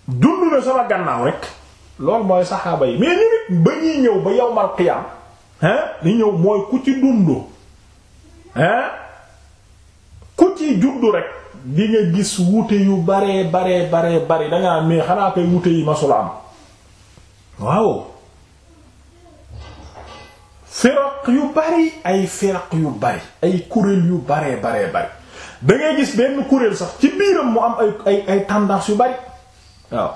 dund na sama gannaaw rek loolu mooy saxaaba yi mais ñu nit ba ñuy ñëw ba yawmal qiyaam hein li ñëw mooy ku ci dund hein ku ci juddu rek di nga gis wute yu baree baree baree bari dangaa mais xanaa koy wute yi masula am waaw firaq yu bari ay firaq yu bari ay kuréel yu baree baree bari da gis benn kuréel sax ci biiram mu am ay ay ay yu bari waaw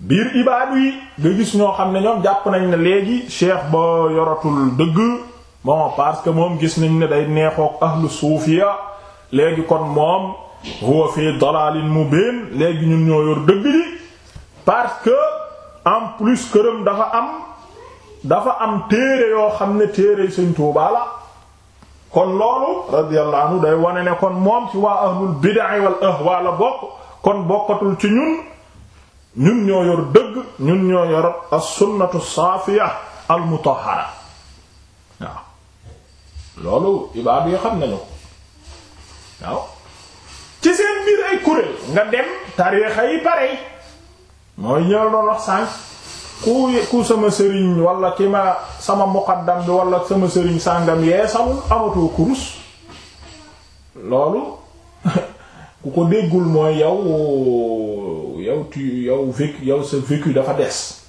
biir ibaadu yi nga gis ñoo xam ne ñoom jàpp nañ ne léegi cheikh ba yoratul dëgg bon parce que moom gis nañ ne day neexook ahlu suufiya léegi kon moom huwa fi dalalin mubin léegi ñun ñoo yor dëgg ji parce que en plus këram dafa am dafa am téere yoo xam ne téere Sëriñ Tuubaa la kon loolu radiyallahu anhu day wane ne kon moom ci waa ahlul bid'a wal ahwa la bokk kon bokkatul ci ñun ñun ñoo yor dëgg ñun ñoo yor as-sunnatu saafiya al-mutahhara waaw loolu ibaadu yi xam nañu ko waaw ci seen biir ay kuréel nga dem tariixa yi parey mooy ñëw doon wax sànq ku ku sama sëriñ wala ki ma sama muqaddam bi wala sama sëriñ sàngam yee samul amatoo kurus loolu ku ko déggul mooy yow yow tu yow vécu yow sa vécu dafa des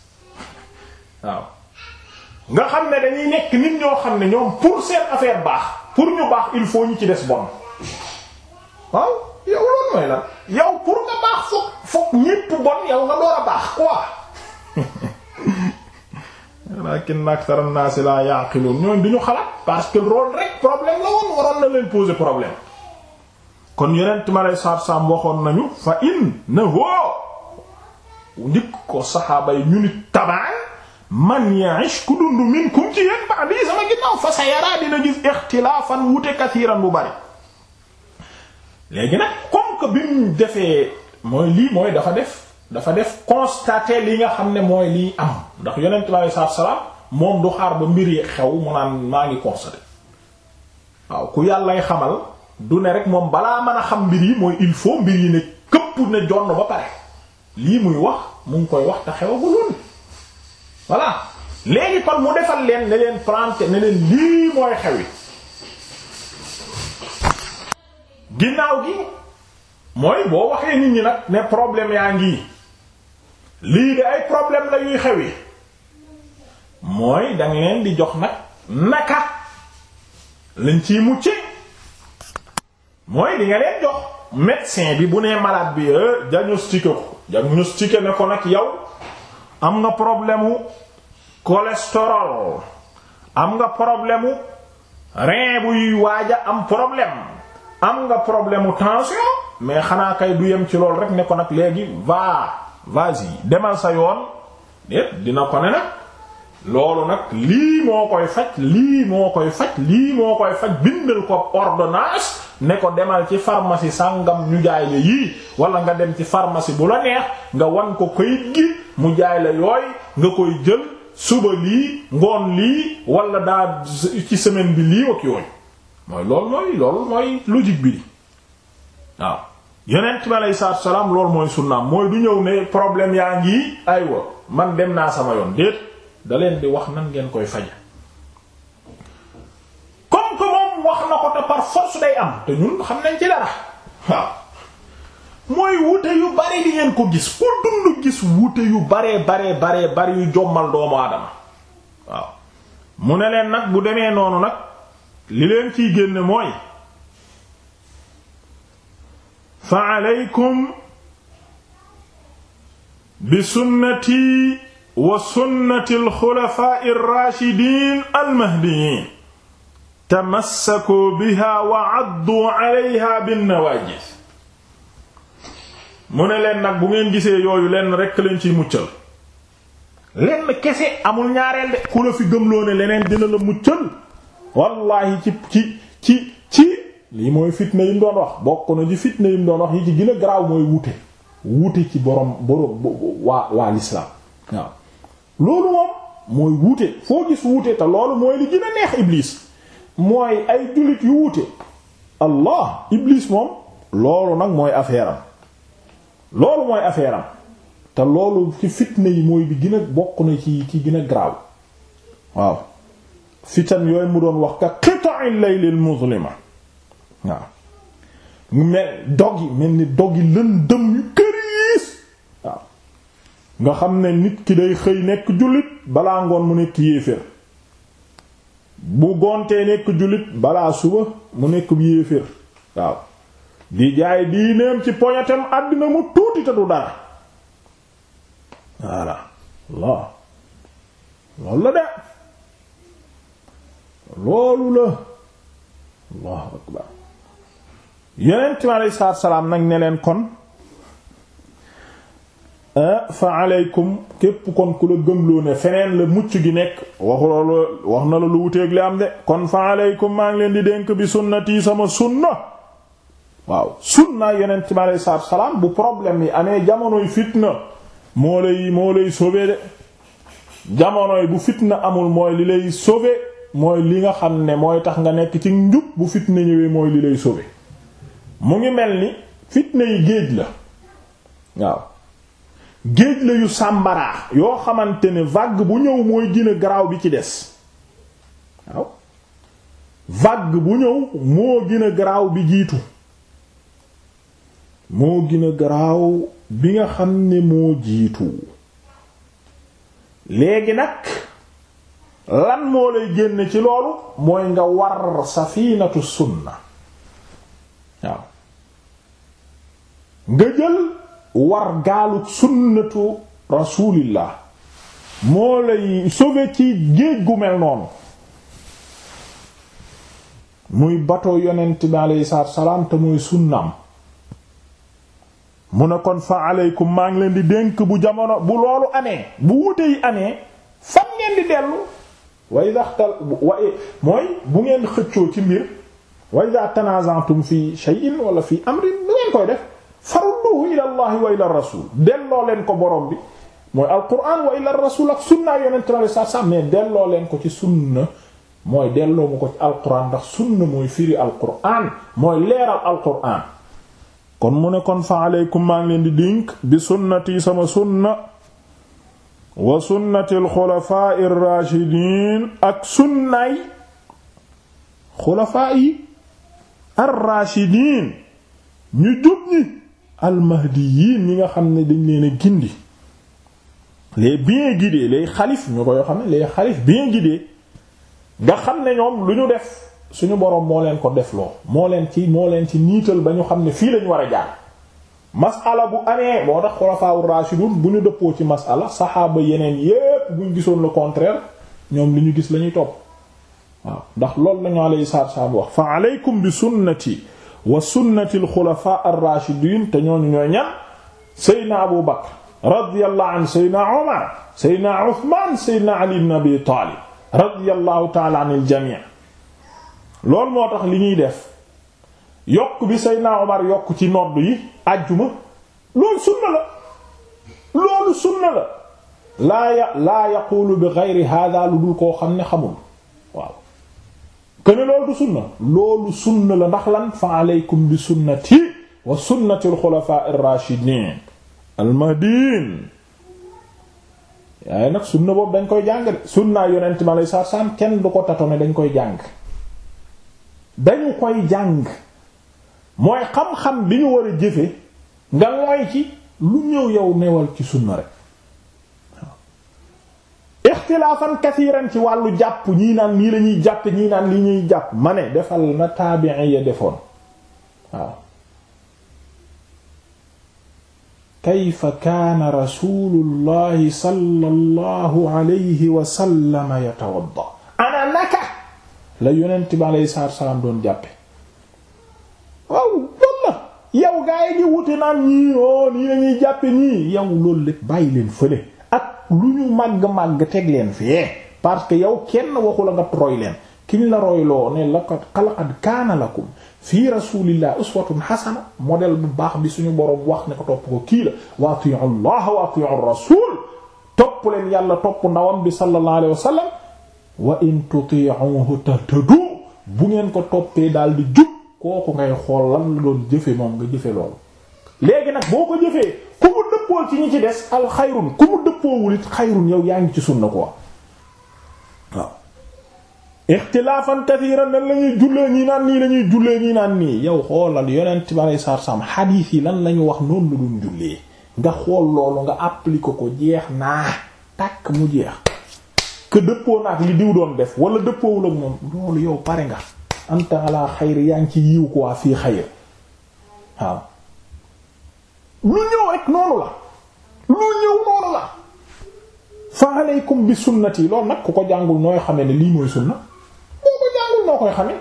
waaw nga xam ne dañuy nekk nit ñoo xam ne ñoom pour seen affaire baax pour ñu baax il faut ñu ci des bon waaw yow loolu mooy la yow pour nga baax fokk ñépp bon yow nga door a baax quoi lakin akthara an-nas la yaqilun ñoom duñu xalaat parce que loolu rek problème la woon waroon na leen poser problème kon yonent ma lay saab-saam waxoon nañu fa in na hoo ndikk ko saxaaba ñu nit tabaan man ya'ish ku sama ginnaaw fa sayara dina gis ixtilaafan wute kathiran bu bari léegi nag comme que bi mu defee mooy lii mooy dafa def dafa def constater li nga xam ne mooy liy am ndax yonent bi alei salaam moom du xaar ba mbir yi xew mu naan maa ngi constater waaw ku yàllay xamal du ne rek moom balaa mën a xam mbir yi mooy il faut mbir yi ne këpp ne jonn ba pare lii muy wax mu ngi koy wax te xewagul woon voilà léegi par mu defal leen ne leen planté ne leen lii mooy xew yi ginnaaw gi mooy boo waxee nit ñi nag ne problème yaa ngi lii de ay problème la yuy xewi mooy danga leen di jox nag naka lañ ciy mucce mooy di leen jox médecin bi bu ne malaat bi eh, diagnostiqué ko diagnostiqué ne ko nag yow am nga problème mu cholestérol am nga problème mu rein buy waaja am problème am nga problème mu tension mais xanaa kay du yem ci loolu rek ne ko nag léegi va vas-y demal sa yoon yépp dina ko ne nag loolu nag lii moo koy faj lii moo koy faj lii moo koy faj bindal ko ordonnance ne ko demal ci pharmacie sàngam ñu jaay la yii wala nga dem ci pharmacie bu la neex nga wan ko këyit gi mu jaay la yooy nga koy jël suba lii ngoon lii wala daa ci semaine bi lii ak yooyu mooy lool mooy loolu mooy logique bi waaw yonent bi aleyhi salaatu salaam loolu mooy sunnaam mooy du ñëw ne problème yaa ngi aywa man dem naa sama yoon déet da leen di wax na ngeen koy faj comme que wax na ko te force day am te ñun xam nañ ci dara waaw mooy wute yu bare li ngeen ko gis ku dund gis wute yu baree baree baree bari yu jommal doomu aadama waaw mu ne leen nag bu demee noonu nag. li leen ci génn mooy fa aleykum bi sunnati wa sunnati alxulafaa'i alraashidiin almahdiyiin tamassakuu biha wa adduu aleyha binnawaajis mu ne leen nag bu ngeen gisee yooyu leen rekk leen ciy muccal lenn kese amul ñaareel de ku la fi gëmloo ne leneen dina la muccal wallahi ci ci ci ci lii mooy fitna yi doon wax bokk na ci fitna yi mu doon wax yi ci gën a garaaw mooy wute wute ci borom borom waa waa l'islam waaw loolu moom mooy wute foo gis wute te loolu mooy li gën a neex iblis mooy ay jullit yu wute allah iblis moom loolu nag mooy affaire loolu mooy affaire te loolu ci fitna yi mooy bi gën a bokk na ci ci gën a garaaw waaw fitan yooyu mu doon wax ka qita'il laylil muzlima waaw mais dog yi mel ni dog lëndëm yu këriis waaw nga xam ne nit ki day xëy nekk jullit balaa ngoon mu nekk yéeféer bu gontee nekk jullit balaa suba mu nekk yéeféer waaw di jaay diineem ci poñetam àddina mu tuuti te du dara voilà loolu la de loolu la allahu akbar yonent mi aleyhi salaam nag ne leen kon ah, fa aleykum képp kon ku la gëmloo ne feneen la mucc gi nekk waxu loolu wax na la lu wuteeg li am de kon fa aleykum maa ngi leen di dénk bi sunnati sama sunna waaw sunna yonent mi aleyhi salaatu salaam bu problème yi amee jamonoy fitna moo lay moo lay sauver de jamonoy bu fitna amul mooy li lay sauver mooy li nga xam ne mooy tax nga nekk ci njub bu fitna ñëwee mooy li lay sauver mu ngi mel ni fitna yi géej la waaw géej la yu sàmbaraa yoo xamante ne vague bu ñëw mooy gën garaaw bi ci des waaw vague bu ñëw moo gën garaaw bi jiitu moo gën garaaw bi nga xam ne moo jiitu léegi nag lan moo lay génn ci loolu mooy nga war safinatu sunna waaw nga jël war gaalu sunnatu rasulillah moo lay sauver ci géej gu mel noonu muy bato yonent bi aleyhi salaam te muy sunnaam mu ne kon fa aleykum maa ngi leen di dénk bu jamono bu loolu amee bu wute yi amee fan ngeen di dellu wa idha xtal wa mooy bu ngeen xëccoo ci mbir wa idha tanaza'tum fi shay'in wala fi amrin bu koy def farudduhu ila allah wa ila rasul leen ko borom bi mooy alquran wa ila rasul ak sunna yonent la sa sa mais delloo leen ko ci sunna mooy delloo mu ko ci alquran ndax sunna mooy firi alquran mooy leeral alquran kon mu ne kon fa aleykum maa ngi di dénk bi sunnati sama sunna wa sunnati alxulafaa alraashidiin ak sunnaay xulafaa yi alraashidiin ñu jub ñi almahdiyiin ñi nga xam ne dañ leen a gindi bi bien guidés les xalif ñu koy xam ne les xalif bien guidés nga xam ne ñoom lu ñu def suñu boroom moo leen ko defloo moo leen ci moo leen ci niital ba ñu xam ne fii lañu war a jaar masala bu amee moo tax xulafaawu rashidun bu ñu dëppoo ci masala saxaaba yeneen yépp buñ gisoon le contraire ñoom li ñu gis lañuy ñuy topp waaw ndax loolu lañu alayhi salaatu salaam wax fa aleykum bi sunnati wa sunnati alxulafaa ar-rashidin te ñooñu ñooy ñan seydna abu bakr radiyallahu an seydna omar ali ibn abi taalib radiyallahu taala al jamii loolu moo tax li ñuy def yokk bi Seydina Omar yokk ci nodd yi àjjuma loolu sunna la laa ya laa yaqulu bi ghayri hadha lu dul koo xam ne xamul waaw kene loolu du sunna loolu sunna la ndax lan fa aleykum bi sunnati wa sunnati al-khulafa ar-rashidin al-mahdiyyin yaay nag sunna boobu dañ koy jàng de sunna yonent mi aleyhi salaatu kenn du ko tatone dañ koy jàng dañu koy jàng mooy xam-xam bi ñu war a jëfe nga mooy ci lu ñëw yow newal ci sunna rek ixtilaafan kasiiran ci wàllu jàpp ñii naan nii la ñuy jàpp ñii li ñuy jàpp mane defal na taabiin ya defoon waaw kayfa kaana rasuulullahi sallallahu alayhi wa sallam yatawadda ana naka la yonent bi alayhi salaam doon jàppe léegi wuti naan ñii o oh, nii lañuy jàppe ñii yow loolu lépp bàyyi leen fële ak lu ñu màgg-màgg teg leen fee eh. parce que yow kenn waxu la nga roy leen kiñ la royloo ne laqad xalaqad kaana lakum fii rasulillah uswatun hasana modèle bu baax bi suñu boroom wax ne ko topp ko kii la wa atiu allah wa atiu rasul topp leen yàlla topp ndawam bi sallallahu alayhi wa sallam wa in tuti'uhu tahtadu bu ngeen ko toppee daal di kooku ngay xool lan la doon jëfe moom nga jëfe loolu léegi nag boo ko jëfee ku mu dëppoo ci ñi ci des al ku mu dëppoowul it xayrun yow yaa ngi ci sunna quoi waaw ixtilaafan kathiran nan la ñuy jullee ñii naan nii la ñuy jullee naan nii yow xoolal yonent bi alei satu salaam xadiis yi lan la wax noonu la doon jullee nga xool loolu nga àppli ko ko jeex naa takk mu jeex que dëppoo naak li diw doon def wala dëppoowul ak moom loolu yow pare nga anta ala xayr yaa ngi ci yiw ko waa fii xayr waaw lu ñëw rek noonu la lu ñëw noonu la fa alaykum bi sunnati loolu nag ku ko jàngul nooy xamee ne lii mooy sunna boo ko jàngul noo koy xamee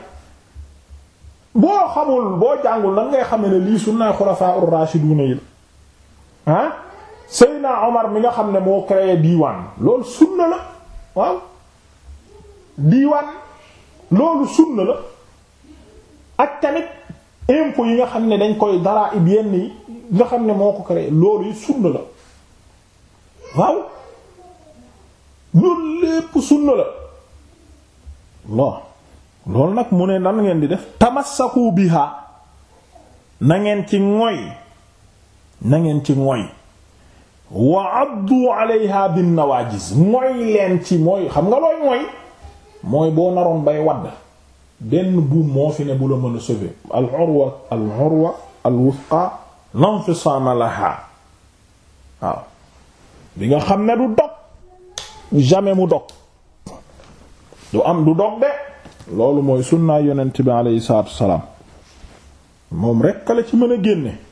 boo xamul boo jàngul nan ngay xamee ne lii sunna xulafaa ur-raashiduna yi la ah Seydina Omar mi nga xam ne moo créé diiwaan loolu sunna la waaw diiwaan loolu sunna la ak tamit impôts yi nga xam ne dañ koy dara ib yenn yi nga xam ne moo ko créé loolu yi sunna la waaw loolu lépp sunna la bon loolu nag mu ne nan ngeen di def tamassaku biha na ngeen ci ngoy na ngeen ci ngoy wa addu alayha bin nawajis mooy leen ci mooy xam nga looy mooy mooy boo naroon bay wadd benn buum moo fi ne bu la mën a sauver al urwa al urwa al wusqa lanfisaama laha waaw bi nga xam ne du dog jamais mu dog du am du dog de loolu mooy sunnaa yonent bi aleyhi salaatu wasalaam moom rekk la ci mën a génne